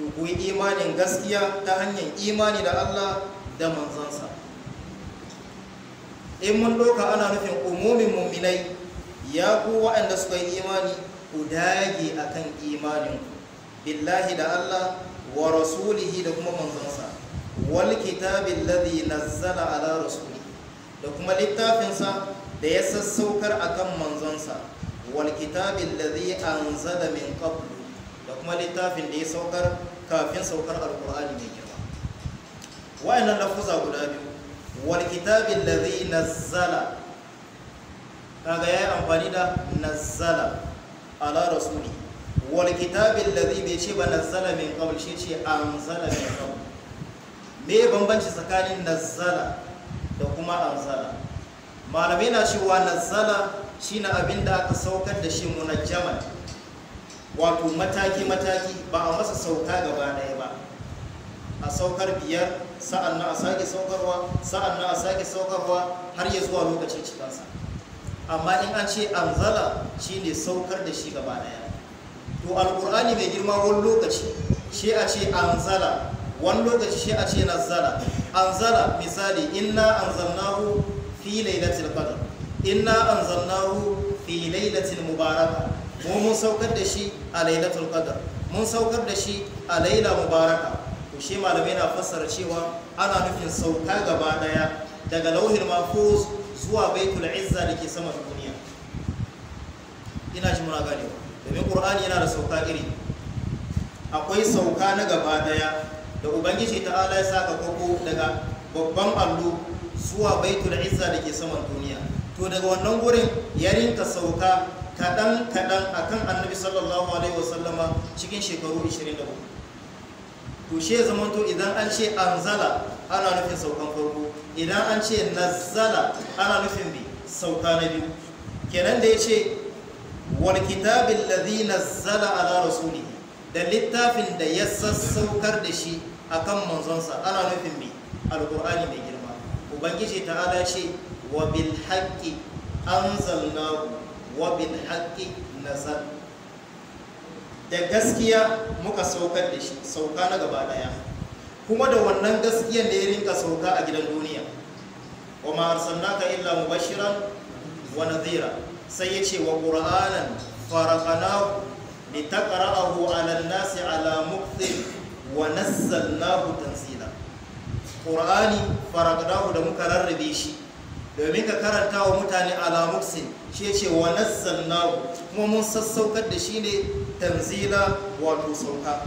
to ku yi imanin gaskiya ta hanyar imani da allah da manzansa in mun ɗauka ana nufin umumin muminai ya ku waɗanda suka yi imani ku dage akan imanin billahi da allah wa rasulihi da kuma manzansa wal kitabi alladhi nazzala ala rasuli da kuma littafinsa da ya sassaukar a kan manzonsa wal kitabi alladhi anzala min qablu da kuma littafin da ya saukar kafin saukar alqur'ani mai girma wa'annan lafuza guda biyu wal kitabi alladhi nazzala kaga yayi amfani da nazzala ala rasuli wal kitabi alladhi bai ce ba nazzala min qabl shi ce anzala min qabl me bambanci tsakanin nazzala da kuma anzala malamai na cewa nazzala shine abin da aka saukar da shi munajjaman wato mataki-mataki ba a masa sauka gaba ɗaya ba a saukar biyar sa'an na a sake saukarwa sa'an na a sake saukarwa har ya zuwa lokacin cikinsa amma in an ce anzala shine saukar da shi gaba ɗaya to alƙur'ani mai girma wani lokaci shi a ce anzala wani lokaci shi a ce an anzala misali inna anzalnahu fi lailatul qadr inna anzalnahu fi lailatul mubaraka mu mun saukar da shi a lailatul qadr mun saukar da shi a laila mubaraka to shi malamai na fassara cewa ana nufin sauka gaba daya daga lauhin mahfuz zuwa baitul izza dake sama da duniya ina ji muna ganewa domin qur'ani yana da sauka iri akwai sauka na gaba daya da ubangiji ta'ala ya saka koko daga babban allo zuwa baitul izza da ke saman duniya to daga wannan gurin yarin ta sauka kaɗan kaɗan akan annabi sallallahu alaihi wasallama cikin shekaru 24 to shi ya to idan an ce anzala ana nufin saukan farko idan an ce nazzala ana nufin bi sauka na biyu kenan da ya ce wal kitabin ladhi nazzala ala rasuli da littafin da ya sassaukar da shi akan manzonsa ana nufin mai alkur'ani mai girma ubangiji ala ce wa bil an zalla wa bil na zan. da gaskiya muka saukar da shi sauka na gaba daya kuma da wannan gaskiyan da ya rinka sauka a gidan duniya wa ma arsalnaka illa mubashiran wa nadhira sai yace wa qur'anan farqanahu litaqra'ahu 'ala an-nasi 'ala muqtin wa nazzalnahu tanzila qur'ani faragdahu da muka rarrabe shi domin ka karanta wa mutane ala muksin shi yace wa nazzalnahu kuma mun sassaukar da shi ne tanzila wato sauka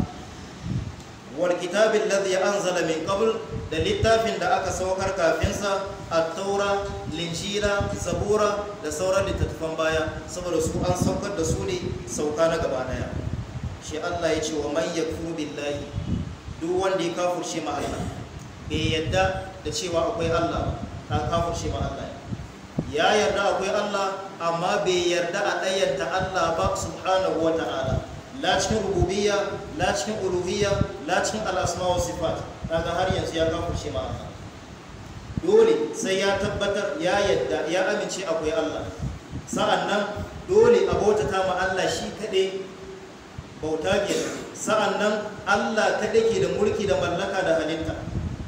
wal kitabi alladhi anzala min qabl da littafin da aka saukar kafinsa at-taura linjira zabura da sauran littattafan baya saboda su an saukar da su ne sauka na gaba daya shi Allah ya ce wa man yakfur billahi duk wanda ya kafirce ma Allah bai yadda da cewa akwai Allah ta kafirce ma Allah ya yarda akwai Allah amma bai yarda a ɗayyanta Allah ba subhanahu wa ta'ala la cikin rububiyya la cikin uluhiyya la cikin al'asma wa sifat daga har yanzu ya kafirce ma Allah dole sai ya tabbatar ya yadda ya amince akwai Allah sa'annan dole abota ta ma Allah shi kaɗai bauta ke sa'an nan allah ta ke da mulki da mallaka da halitta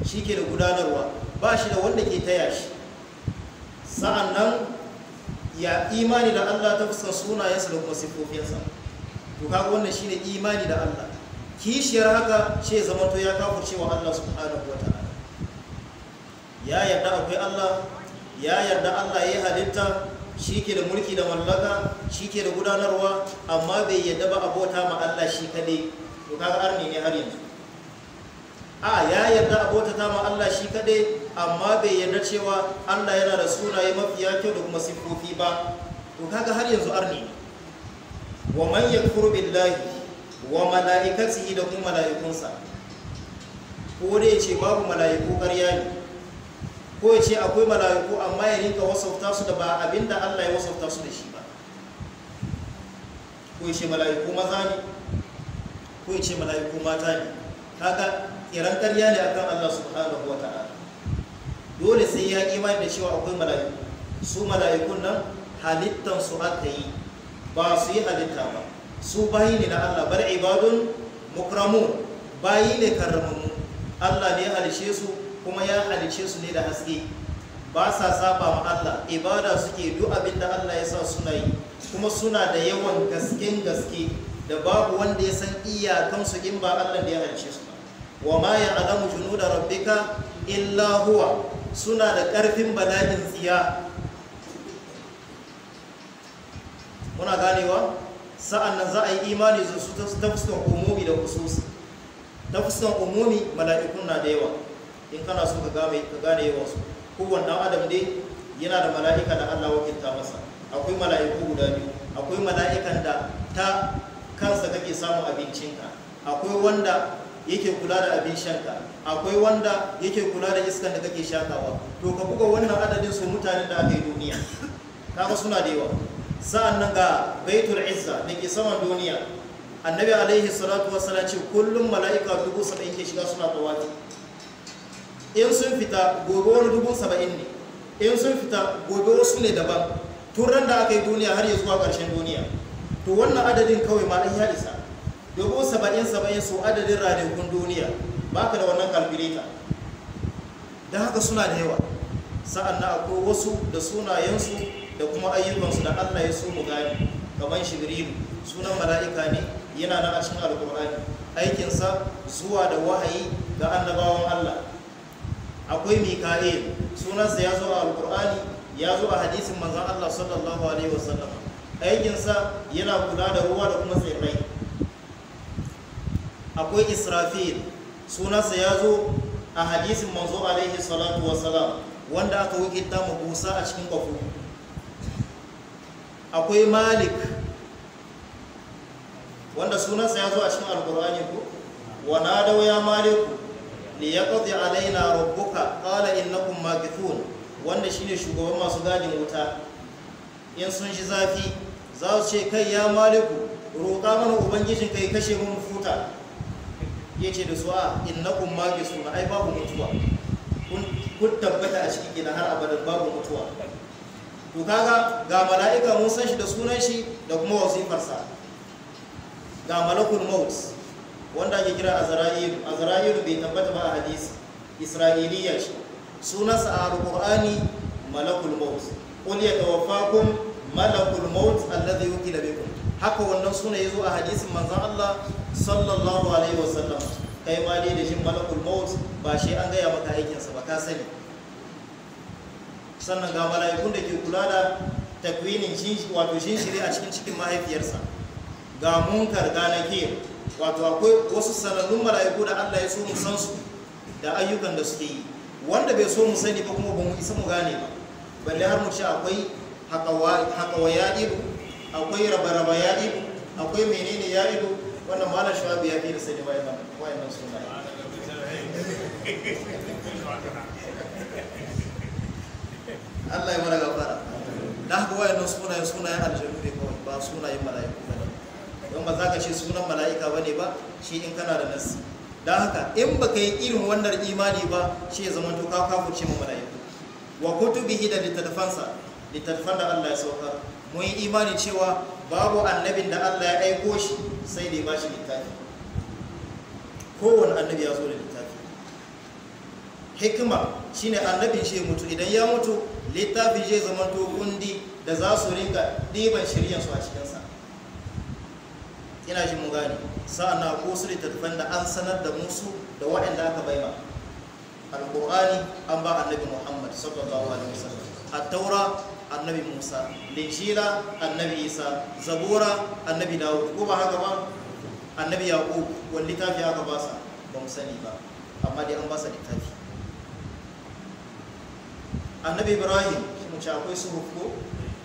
shi ke da gudanarwa ba shi da wanda ke taya shi sa'an nan ya imani da allah ta fisa sunayensa da kuma siffofinsa to kaga wannan shi ne imani da allah kishiyar haka ce to ya kafurce cewa allah subhanahu wa ta'ala ya yarda akwai allah ya yarda allah ya halitta shi ke da mulki da mallaka shi ke da gudanarwa amma bai yadda ba abota ma Allah shi kadai to kaga arni ne har yanzu a ya yarda abota ta ma Allah shi kadai amma bai yadda cewa Allah yana da sunaye mafiya kyau da kuma siffofi ba to kaga har yanzu arni ne wa man yakfur billahi wa mala'ikatihi da kuma mala'ikunsa ko dai ce babu mala'iku ƙarya ne ko ya ce akwai mala'iku amma ya rinka wasauta su da ba abinda Allah ya wasauta su da shi ba ko ya ce mala'iku maza ne ko ya ce mala'iku mata ne Haka kiran ƙarya ne akan Allah subhanahu wata'ala dole sai ya imani da cewa akwai mala'iku su mala'ikun nan halittan su aka yi ba su yi halitta ba su bayi ne na Allah bar ibadun mukramu bayi ne karramu Allah ne ya halishe su kuma ya halice su ne da haske ba sa saba ma Allah ibada suke duk abin da Allah ya sa suna yi kuma suna da yawan gasken gaske da babu wanda ya san iyakansu in ba Allah da ya halice su ba wa ma ya alamu junuda rabbika illa huwa suna da ƙarfin bala'in tsiya muna ganewa sa'an nan za a yi imani su ta fuskan umumi da kusursu ta fuskan umumi mala'ikun na da yawa in kana so ka gane ka gane su kowanne adam dai yana da mala'ika da Allah wakilta masa akwai mala'iku guda biyu akwai mala'ikan da ta kansa kake samun abincinka akwai wanda yake kula da abin shanka akwai wanda yake kula da iskan da kake shakawa to ka buga wannan adadin su mutanen da aka yi duniya kaga suna da yawa nan ga baitul izza da ke saman duniya annabi alaihi salatu wassalam ce kullum mala'ika dubu saba'in ke shiga suna tawafi in sun fita gobe wani dubu saba'in ne in sun fita gobe wasu ne daban turan da aka yi duniya har ya zuwa ƙarshen duniya to wannan adadin kawai ma ɗan ya isa dubu saba'in saba'in su adadin ranakun duniya ba ka da wannan kalkuleta don haka suna da yawa sa'an na akwai wasu da sunayensu da kuma ayyukansu da allah ya so mu gani kamar shigirilu sunan mala'ika ne yana na a cikin alkur'ani aikinsa zuwa da wahayi ga annabawan allah akwai mika'il sunansa ya zo a alkur'ani ya zo a hadisin manzan allah sallallahu alaihi wasallam aikinsa yana kula da ruwa da kuma tsirrai akwai israfil sunansa ya zo a hadisin manzo alaihi salatu wasalam wanda aka wikita busa a cikin kwafu akwai malik wanda sunansa ya zo a cikin alkur'ani ko wana da ya maliku liyaqdi alaina rabbuka qala innakum makithun wanda shine shugaban masu gadin wuta in sun shi zafi za su ce kai ya maliku roƙa mana ubangijin kai kashe mun futa yace da su a innakum makithun ai babu mutuwa kun tabbata a cikin gidan har abadan babu mutuwa to kaga ga mala'ika mun san shi da sunan shi da kuma wasifarsa ga malakul maut wanda ake kira azra'il azra'il bai tabbata ba a hadisi isra'iliya ce sunansa a alqur'ani malakul maut qul yatawaffakum malakul maut alladhi yukila bikum haka wannan suna yazo a hadisin manzon Allah sallallahu alaihi wasallam kai ma dai da shi malakul maut ba shi an gaya maka aikinsa ba ka sani sannan ga mala'ikun da ke kula da takwinin wato shirya a cikin cikin mahaifiyarsa ga munkar ga nakir wato akwai wasu sanannun mala'iku da Allah ya so mu san su da ayyukan da suke yi wanda bai so mu sani ba kuma ba mu isa mu gane ba balle har mu ci akwai haƙawa ya ido akwai rabaraba ya ido akwai menene ya ido wannan malam shawabi ya fi da sani wayannan suna Allah ya mara gafara da haka wayannan sunayen sunayen aljanu ne kawai ba sunayen mala'iku ba don ba za ka ce sunan mala'ika ba ne ba shi in kana da nasi don haka in ba ka yi irin wannan imani ba shi ya zama toka kafin ce mu mala'iku wa bihi da littattafansa littattafan da Allah ya sauka mun yi imani cewa babu annabin da Allah ya aiko shi sai ne ba shi littafi kowane annabi ya zo da littafi hikima shine annabin shi mutu idan ya mutu littafi zai zama to gundi da za su rinka ɗiban shiryansu a cikinsa ina jin mu gane na ko su littattafan da an sanar da musu da waɗanda aka ma alƙur'ani an ba annabi muhammad sallallahu alaihi wasallam a taura annabi musa linjila annabi isa zabura annabi dawud ko ba haka ba annabi yaqub wani littafi aka ba sa ba mu sani ba amma dai an ba sa littafi annabi ibrahim shi mu ci akwai suhuf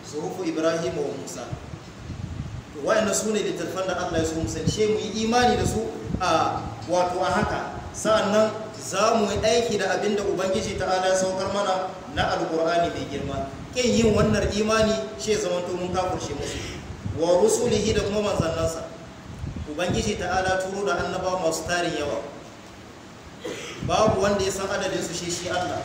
suhufu ibrahim wa musa wayan su ne littattafan da Allah ya so mu ce mu yi imani da su a wato a haka sa'annan za mu yi aiki da abin da ubangiji ta'ala ya saukar mana na alkur'ani mai girma kin yin wannan imani shi zamanto mun kafurce musu wa rusulihi da kuma manzannansa ubangiji ta'ala turo da annaba masu tarin yawa babu wanda ya san adadin su shi shi Allah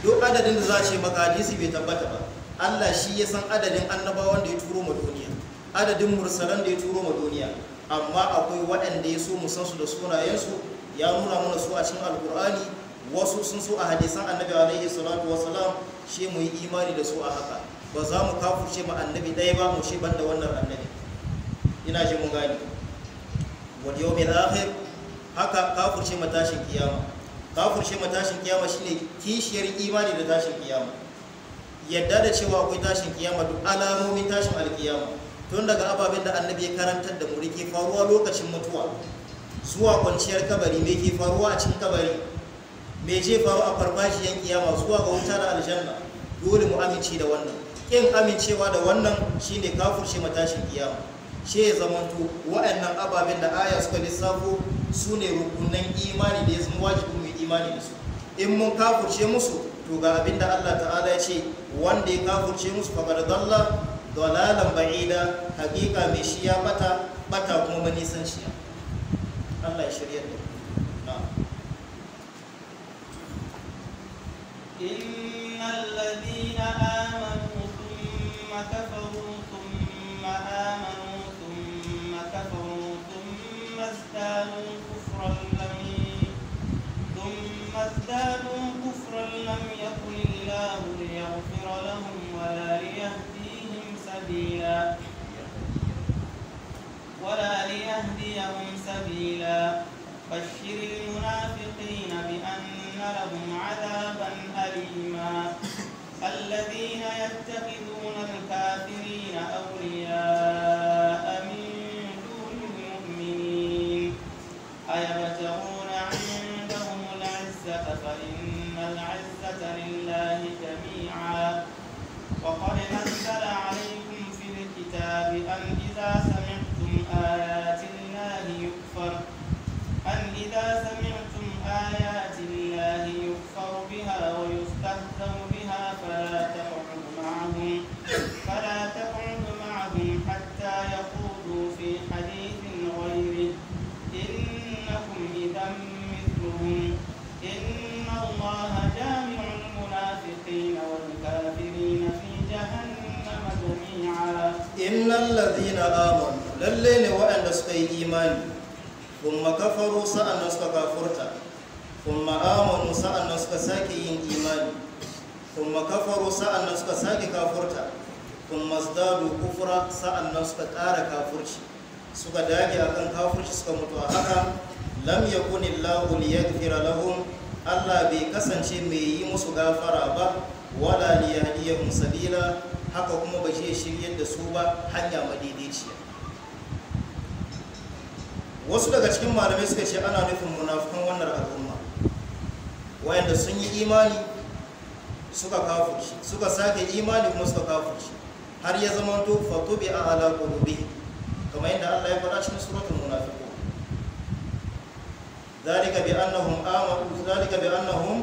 duk adadin da za a ce maka hadisi bai tabbata ba Allah shi ya san adadin annabawan da ya turo ma duniya adadin mursalan da ya turo ma duniya amma akwai waɗanda ya so mu san su da sunayensu ya nuna mana su a cin alkur'ani wasu sun so a hadisan annabi alaihi salatu wasalam shi mu yi imani da su a haka ba za mu kafurce ma annabi ɗaya ba mu shi banda wannan annabi ina ji mun gani yau mai akhir haka kafurce ma tashin kiyama kafurce ma tashin kiyama shine kishiyar imani da tashin kiyama yadda da cewa akwai tashin kiyama duk alamomin tashin alkiyama tun daga ababen da annabi ya karanta da mu ke faruwa lokacin mutuwa zuwa kwanciyar kabari mai ke faruwa a cikin kabari mai je faru a farfashiyan kiyama zuwa ga wuta da aljanna dole mu amince da wannan kin amincewa da wannan shine kafurce matashin kiyama shi ya zamanto wa'annan ababen da aya suka lissafo su ne rukunan imani da ya zama wajibin mu imani da su in mun kafurce musu to ga abin da Allah ta'ala ya ce wanda ya kafurce musu faqad dalla dalalan ba'ida hakika mai shi ya bata bata kuma manisan shi Allah ya shirya إن الذين آمنوا ثم كفروا ثم آمنوا ثم كفروا ثم ازدادوا كفرا لم ثم ازدادوا كفرا لم سبيلا ولا ليهديهم سبيلا بشر المنافقين بأن لهم عذابا أليما الذين يتخذون الكافرين أولياء من دون المؤمنين أيبتغون عندهم العزة فإن العزة لله جميعا وقد نزل على allazina amanu lalle ne waɗanda suka yi imani kuma kafaru sa'annan suka kafurta kuma amanu sa'annan suka sake yin imani kuma kafaru sa'annan suka sake kafurta kuma zdadu kufra sa'annan suka ƙara kafurci suka dage akan kafurci suka mutu a haka lam yakuni lahu liyaghfira lahum Allah bai kasance mai yi musu gafara ba wala liyahdiyahum sabila haka kuma ba zai shiryar da su ba hanya madaidaiciya wasu daga cikin malamai suka ce ana nufin munafukan wannan al'umma wayanda sun yi imani suka kafurci suka sake imani kuma suka kafurci har ya zama to fatubi a ala qulubi kamar yadda Allah ya fara cikin suratul munafiqun zalika bi annahum amanu zalika bi annahum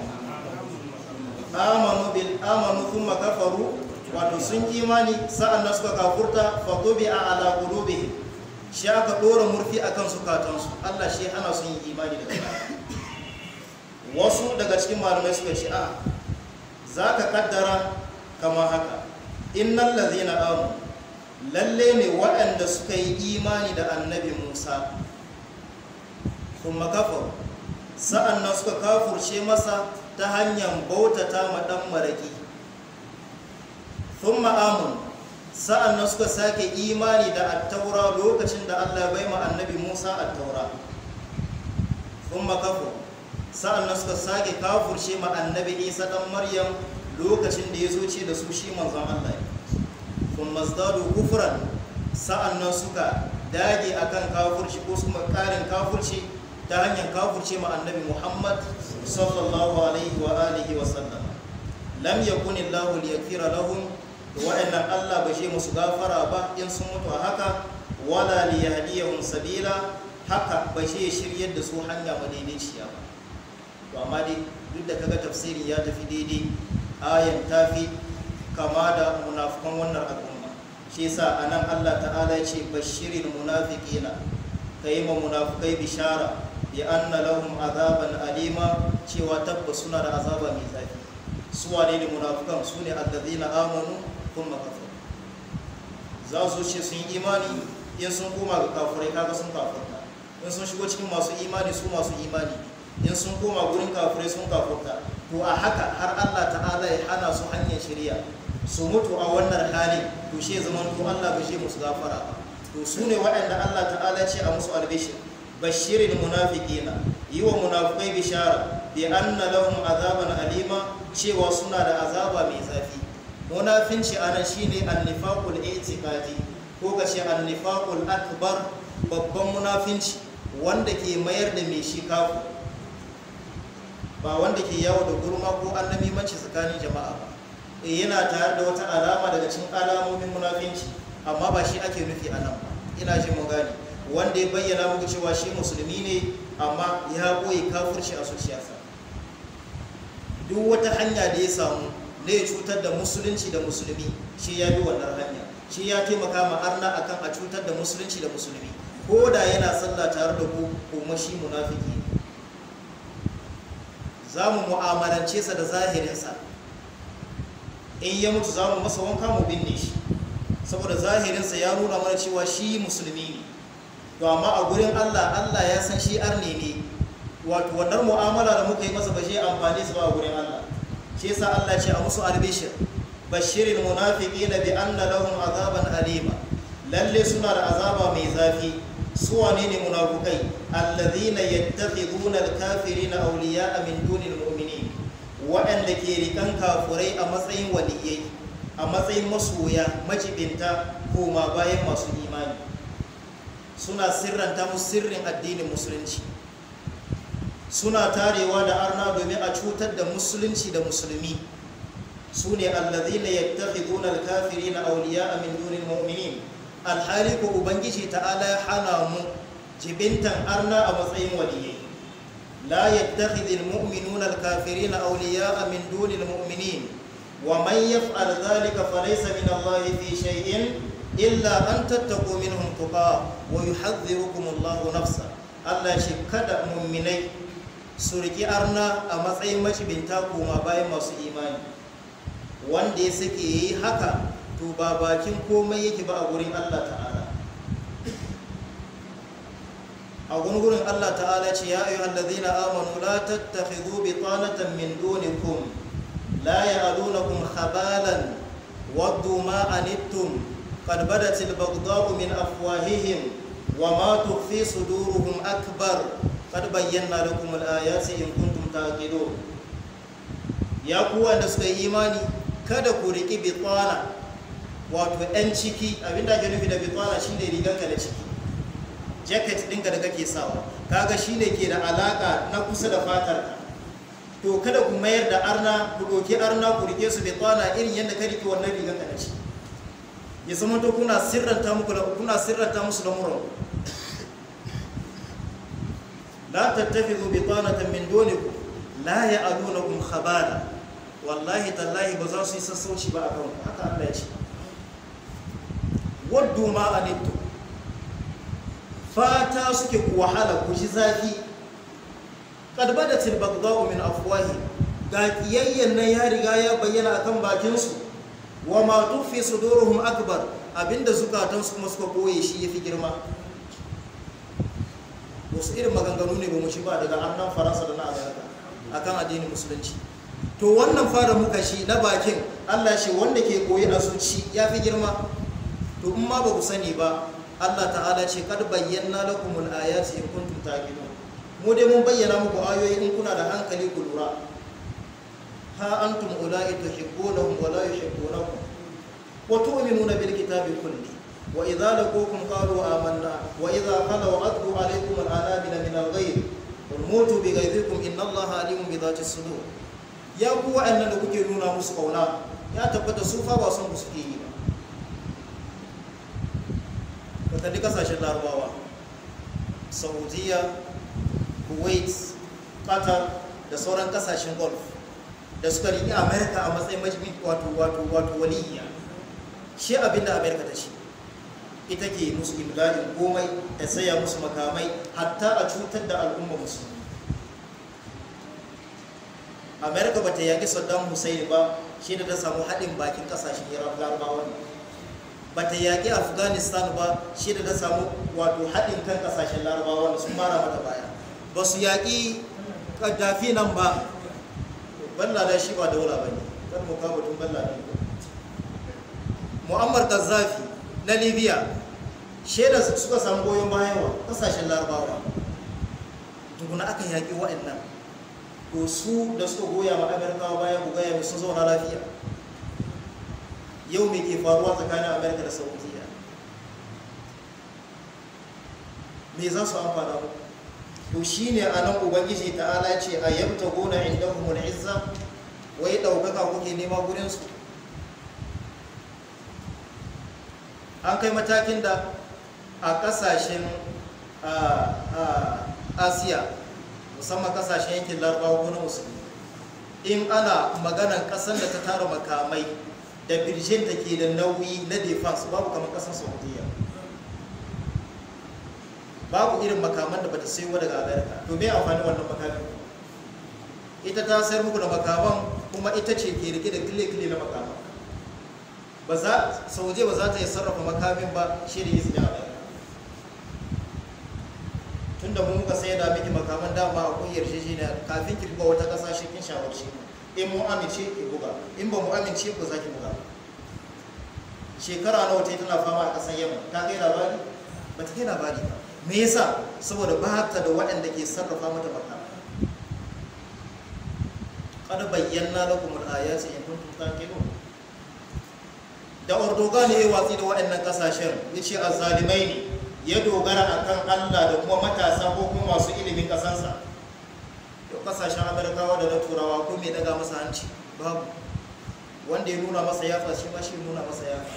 amanu bil amanu thumma kafaru wato sun imani sa'an nan suka kafurta fatobi a ala shi aka dora murfi akan sukatansu Allah shi ana sun yi imani da kuma wasu daga cikin malamai suka shi a za ka kaddara kama haka innan na amu lalle ne waɗanda suka yi imani da annabi musa kuma kafar sa'annan suka kafurce masa ta hanyar bautata ma ɗan maraƙi thumma amun sa'an nan suka sake imani da attaura lokacin da Allah bai ma annabi Musa attaura thumma kafu sa'an nan suka sake kafurce ma annabi Isa dan Maryam lokacin da ya zo ce da su shi manzon Allah thumma zadu kufran sa'an nan suka dage akan kafurce ko su karin kafurce ta hanyar kafurce ma annabi Muhammad sallallahu alaihi wa alihi wa sallam lam yakun Allah liyaghfira lahum to wa'annan Allah ba shi musu gafara ba in sun mutu a haka wala li yahdiyahum sabila haka ba shi shiryar da su hanya madaidaiciya ba to amma dai duk da kaga tafsirin ya tafi daidai ayan tafi kama da munafikan wannan al'umma shi yasa anan Allah ta'ala ya ce bashirin munafiqina yi ma munafukai bishara bi anna lahum azaban alima cewa tabbas suna da azaba mai zafi su wane ne munafikan su ne allazina amanu kuma kafir za su ce sun yi imani in sun koma ga kafirai kaga sun kafirta in sun shigo cikin masu imani su masu imani in sun koma gurin kafirai sun kafirta to a haka har Allah ta'ala ya hana su hanyar shari'a su mutu a wannan hali to she zaman ko Allah ba musu gafara ba to su ne waɗanda Allah ta'ala ce a musu albishir bashirin munafiqina yi wa munafiqai bishara bi anna lahum azaban alima cewa suna da azaba mai zafi munafinci anan shine annifaqul i'tiqadi ko kace annifaqul akbar babban munafinci wanda ke mayar da mai shi kafu ba wanda ke yawo da gurma ko annabi mace tsakanin jama'a ba eh, yana tare da wata alama daga cikin alamomin munafinci amma ba shi ake nufi a nan ba ina jin mu gane wanda ya bayyana muku cewa shi musulmi ne amma ya boye kafirci a sosiyasa duk wata hanya da ya samu ne ya cutar da musulunci da musulmi shi ya bi wannan hanya shi ya taimaka ma arna akan a cutar da musulunci da musulmi ko da yana sallah tare da ku kuma shi munafiki za mu mu'amalance sa da zahirinsa in ya mutu za mu masa wanka mu binne shi saboda zahirinsa ya nuna mana cewa shi musulmi ne to amma a gurin allah allah ya san shi arne ne wato wannan mu'amala da muka yi masa ba shi amfani su ba a gurin allah shi yasa Allah ce a musu albishir bashirin munafiqina bi anna lahum azaban alima lalle suna da azaba mai zafi su wane ne munafukai alladhina yattakhiduna alkafirina awliya'a min dunil mu'minin waɗanda ke rikan kafurai a matsayin waliyai a matsayin masoya majibinta koma bayan masu imani suna sirranta sirrin addinin musulunci suna tarewa da arna domin a cutar da musulunci da musulmi su ne allazina yattakhiduna alkafirina awliya'a min dunil mu'minin alhali ko ubangiji ta'ala ya hana mu jibintan arna a matsayin waliyai la yattakhidul mu'minuna na auliya min dunil mu'minin wa man yaf'al dhalika falaysa min allahi fi shay'in illa an tattako minhum tuqa wa yuhadhdhirukum allahu nafsa Allah shi kada mu'minai su riƙi arna a matsayin macibinta koma bayan masu imani wanda ya suke yi haka to ba bakin komai yake ba a gurin allah ta'ala a gungurin allah ta'ala ce ya ayyuhal amanu la tattakhidhu bitanatan min dunikum a يعلونكم خبالا ودوا ما عنتم قد min البغضاء من أفواههم وما تخفي صدورهم akbar. qad bayyana lakum al-ayati in kuntum taqilun ya kuwa da suka yi imani kada ku riki bitwana wato ɗan ciki abinda ake nufi da bitana shine ka da ciki jacket ɗinka da kake sawa kaga shine ke da alaka na kusa da fatarka to kada ku mayar da arna ku ɗauki arna ku rike su bitwana irin yadda ka rike wannan ka da ciki ya zama to kuna sirranta muku kuna sirranta musu da muron la tattafiqu bitanatan min dunikum la ya'adunakum khabala wallahi tallahi ba za su yi sassauci ba a kan haka Allah ya waddu ma anittu fata suke ku wahala ku ji zafi qad da al-baghdha'u min afwahi ga ƙiyayyen nan ya riga ya bayyana akan kan bakinsu wa ma tufi suduruhum akbar abinda zukatansu kuma suka koye shi yafi girma wasu irin maganganu ne ba mu shi ba daga annan faransa da na amerika kan addinin musulunci to wannan fara muka shi na bakin allah shi wanda ke koyi a zuci ya fi girma to in ma ba ku sani ba allah ta'ala ce kad bayyana lakumul ayati in kuntum taqilun mu dai mun bayyana muku ayoyi in kuna da hankali ku lura ha antum ula'i tuhibbunahum wa la yuhibbunakum wa tu'minuna bil kitabi kulli وإذا لقوكم قالوا آمنا وإذا خلوا أتوا عليكم الأنابل من الغيظ قل موتوا بغيظكم إن الله عليم بذات الصدور يا قوة أن لكوكي نونا مسقونا يا تبت سوفا واسم مسكي وتلك ساشن لارواوا سعودية كويت قطر da sauran kasashen golf da suka riƙi amerika a matsayin majmin wato wato wato waliyya shi abinda amerika ta ce ita ke musu ibdalin komai da tsaya musu makamai hatta a cutar da al'umma musulmi amerika ba ta yaƙi saddam hussein ba shi da ta samu haɗin bakin ƙasashen larabawa ne ba ta yaƙi afghanistan ba shi da ta samu wato haɗin kan ƙasashen larabawa ne sun mara mata baya ba su yaƙi ƙaddafi nan ba ballada shi ba daula ba ne kan mukabatun ballada mu'ammar gaddafi na libya sheda suka samu goyon bayanwa kasashen larabawa tukuna aka yaƙi waɗannan ko su da suka goya ma amerikawa bayan gugaya mai sun zauna lafiya yau mai ke faruwa tsakanin amerika da saudiya me za su amfana mu to shi ne a nan ubangiji ta'ala ce a yabta gona inda humul izza wai ɗaukaka kuke nema gurinsu an kai matakin da a kasashen asiya musamman kasashen yankin larabawa ko na musulmi in ana maganar kasar da ta tara makamai da birjin da ke da nauyi na defense babu kamar kasar saudiya babu irin makaman da bata sayo daga amerika to me amfani wannan makamai ita ta sayar muku da makaman kuma ita ce ke rike da kile-kile na makaman ba za sauje ba za ta yi sarrafa makamin ba shi da izini a tunda mun muka sai da miki makaman dama akwai yarjejeniya kafin ki buga wata kasa shi kin shi in mu amince ki buga in ba mu amince ku zaki buga shekara nawa ta tana fama a kasar yamma ta kai labari ba ta kai labari ba me yasa saboda ba ta da waɗanda ke sarrafa mata baka kada bayyana lakum al-ayati in kuntum taqilun da Erdogan ne watsi da waɗannan kasashen yace azzalimai ne ya dogara a kan Allah da kuma matasa ko kuma masu ilimin kasansa to kasashen Amurkawa da na turawa ko mai daga masa hanci babu wanda ya nuna masa yafa shi ma shi nuna masa yafa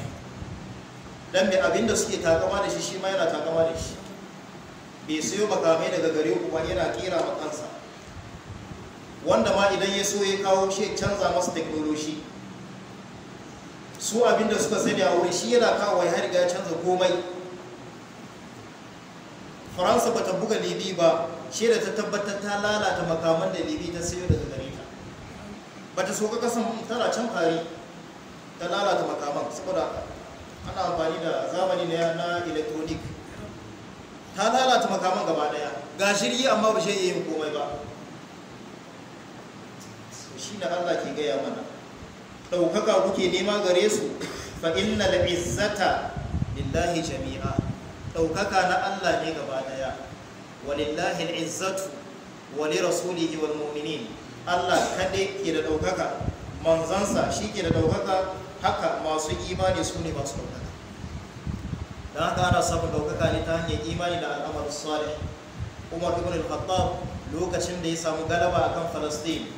dan mai abin da suke takama da shi shi ma yana takama da shi bai sayo makamai daga gare ku ba yana kira makansa wanda ma idan ya so ya kawo shi canza masa teknoloji su abin da suka sani a wuri shi yana kawo ya riga ya canza komai faransa ba ta buga libi ba shi da ta tabbatar ta lalata makaman da libi ta sayo daga gare ta ta soka kasan tana can fari ta lalata makaman saboda ana amfani da zamani na na electronic ta lalata makaman gaba daya ga shirgi amma ba shi yin komai ba shi na Allah ke gaya mana ɗaukaka kuke nema gare su fa innal la'izzata lillahi jami'a ɗaukaka na Allah ne gaba daya walillahi al'izzatu wa li rasuli wal Allah kade ke da ɗaukaka manzansa shi ke da ɗaukaka haka masu imani su ne masu ɗaukaka Da haka ana samun ɗaukaka ne ta hanyar imani da al'amar salih umar ibn al-khattab lokacin da ya samu galaba akan falastin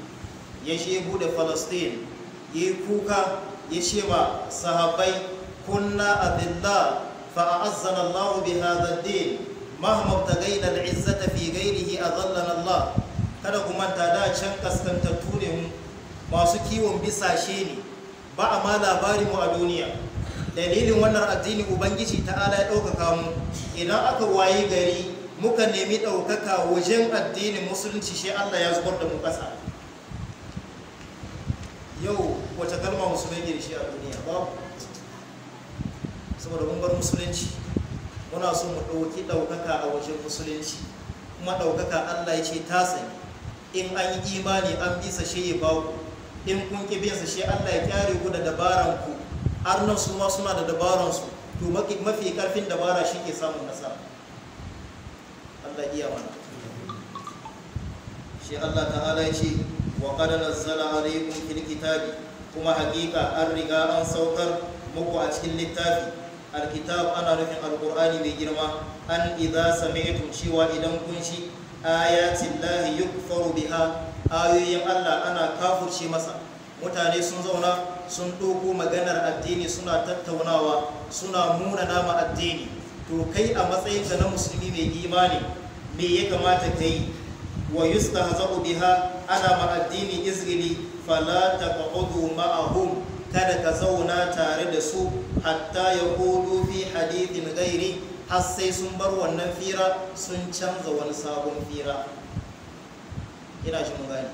ya shi buɗe falastin ya yi kuka ya ce ma sahabbai kunna adillah فأعزنا الله بهذا الدين مهما ابتغينا العزة في غيره أظلنا الله kada ku manta da can kaskantattu ne mu masu kiwon bisashe ne ba a ma labarin mu a duniya dalilin wannan addini ubangiji ala ya ɗaukaka mu idan aka wayi gari muka nemi ɗaukaka wajen addinin musulunci shi allah ya zubar da mu ƙasa yau wace kalma musulmai ne shi a duniya babu saboda gungar musulunci muna so mu ɗauki ɗaukaka a wajen musulunci kuma ɗaukaka Allah ya ce ta sani in an yi imani an bisa shi ya ba ku in kun ki bin sa shi Allah ya kyare ku da dabaran ku har nan su ma suna da dabaran su to mafi karfin dabara shi ke samun nasara Allah iya mana shi Allah ta'ala ya ce wa qad nazzala alaykum fil kitabi kuma hakika an riga an saukar muku a cikin littafi alkitab ana nufin alkur'ani mai girma an idza sami'tum cewa idan kun shi ayatin lahi yukfaru biha ayoyin Allah ana kafurce masa mutane sun zauna sun ɗauko maganar addini suna tattaunawa suna muna nama addini to kai a matsayin matsayinka na musulmi mai imani me ya kamata ka yi wa yustahza'u biha ana ma addini izgili fala taq'udu ma'ahum kada ka zauna tare da su hatta ya hudu fi hadithin gairi har sai sun bar wannan fira sun canza wani sabon fira ina shi gani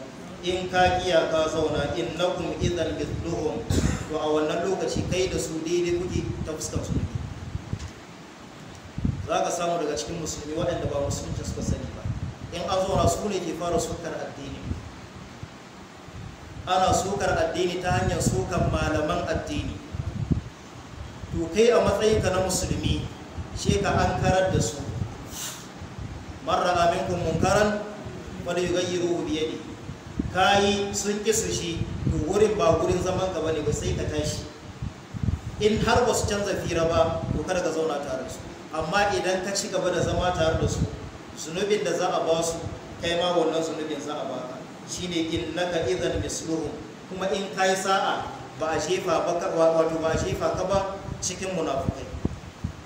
in ka kiya ka zauna in na kuma idan mithluhum to a wannan lokaci kai da su daidai kuke ta fuskar su ne za ka samu daga cikin musulmi waɗanda ba musulunci suka sani ba in an zauna su ne ke fara sukar addini ana sukar addini ta hanyar sukan malaman addini to kai a matsayinka na musulmi she ka an karar da su marra kun munkaran wal yughayyiru bi yadi kayi sun kisu shi to wurin ba wurin zaman ka bane ba sai ka tashi in har ba su canza fira ba to kada ka zauna tare su amma idan ka ci gaba da zama tare da su zunubin da za a ba su kai ma wannan zunubin za a ka shine innaka idan misluhum kuma in kai sa'a ba a shefa ba wato ba a shefa ka ba cikin munafukai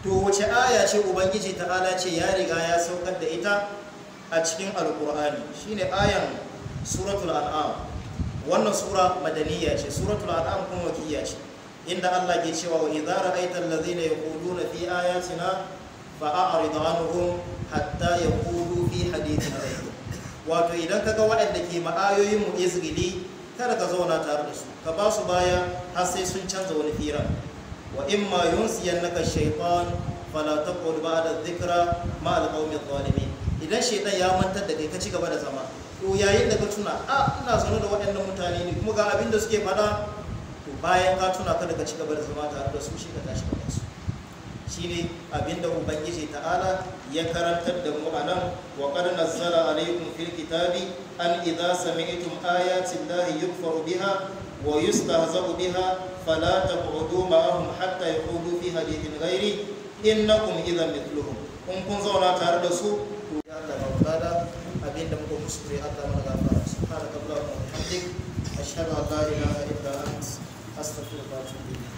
to wace aya ce ubangiji ta'ala ce ya riga ya saukar da ita a cikin alkur'ani shine ayan suratul al'am wannan sura madaniya ce suratul al'am kuma makiyya ce inda Allah ke cewa wa idza ra'aita allazina yaquluna fi ayatina fa'arid anhum hatta yaqulu fi hadithin ghayr wato idan ka ga waɗanda ke ma'ayoyin mu izgili kada ka zauna tare da su ka ba su baya har sai sun canza wani fira wa in ma yunsiyannaka shaytan fala taqul ba'da dhikra ma alqawmi adh-dhalimin idan shaytan ya manta da kai ka ci gaba da zama to yayin da ka tuna a ah, ina zaune da waɗannan mutane ne kuma ga abin da suke faɗa to bayan ka tuna ka daga ci gaba da zama tare da su shi ka tashi shine abinda ubangiji ta'ala ya karantar da mu anan wa qad nazzala alaykum fil kitabi an idza sami'tum ayati llahi yukfaru biha wa yustahza'u biha fala taq'udu ma'ahum hatta yaqudu fi hadithin ghairi innakum idza mithluhum in kun zauna tare da su to ya Allah maulada abinda muka musu kuskure Allah mana gafara subhanakallahumma wa bihamdik ashhadu an la ilaha illa anta astaghfiruka wa atubu ilayk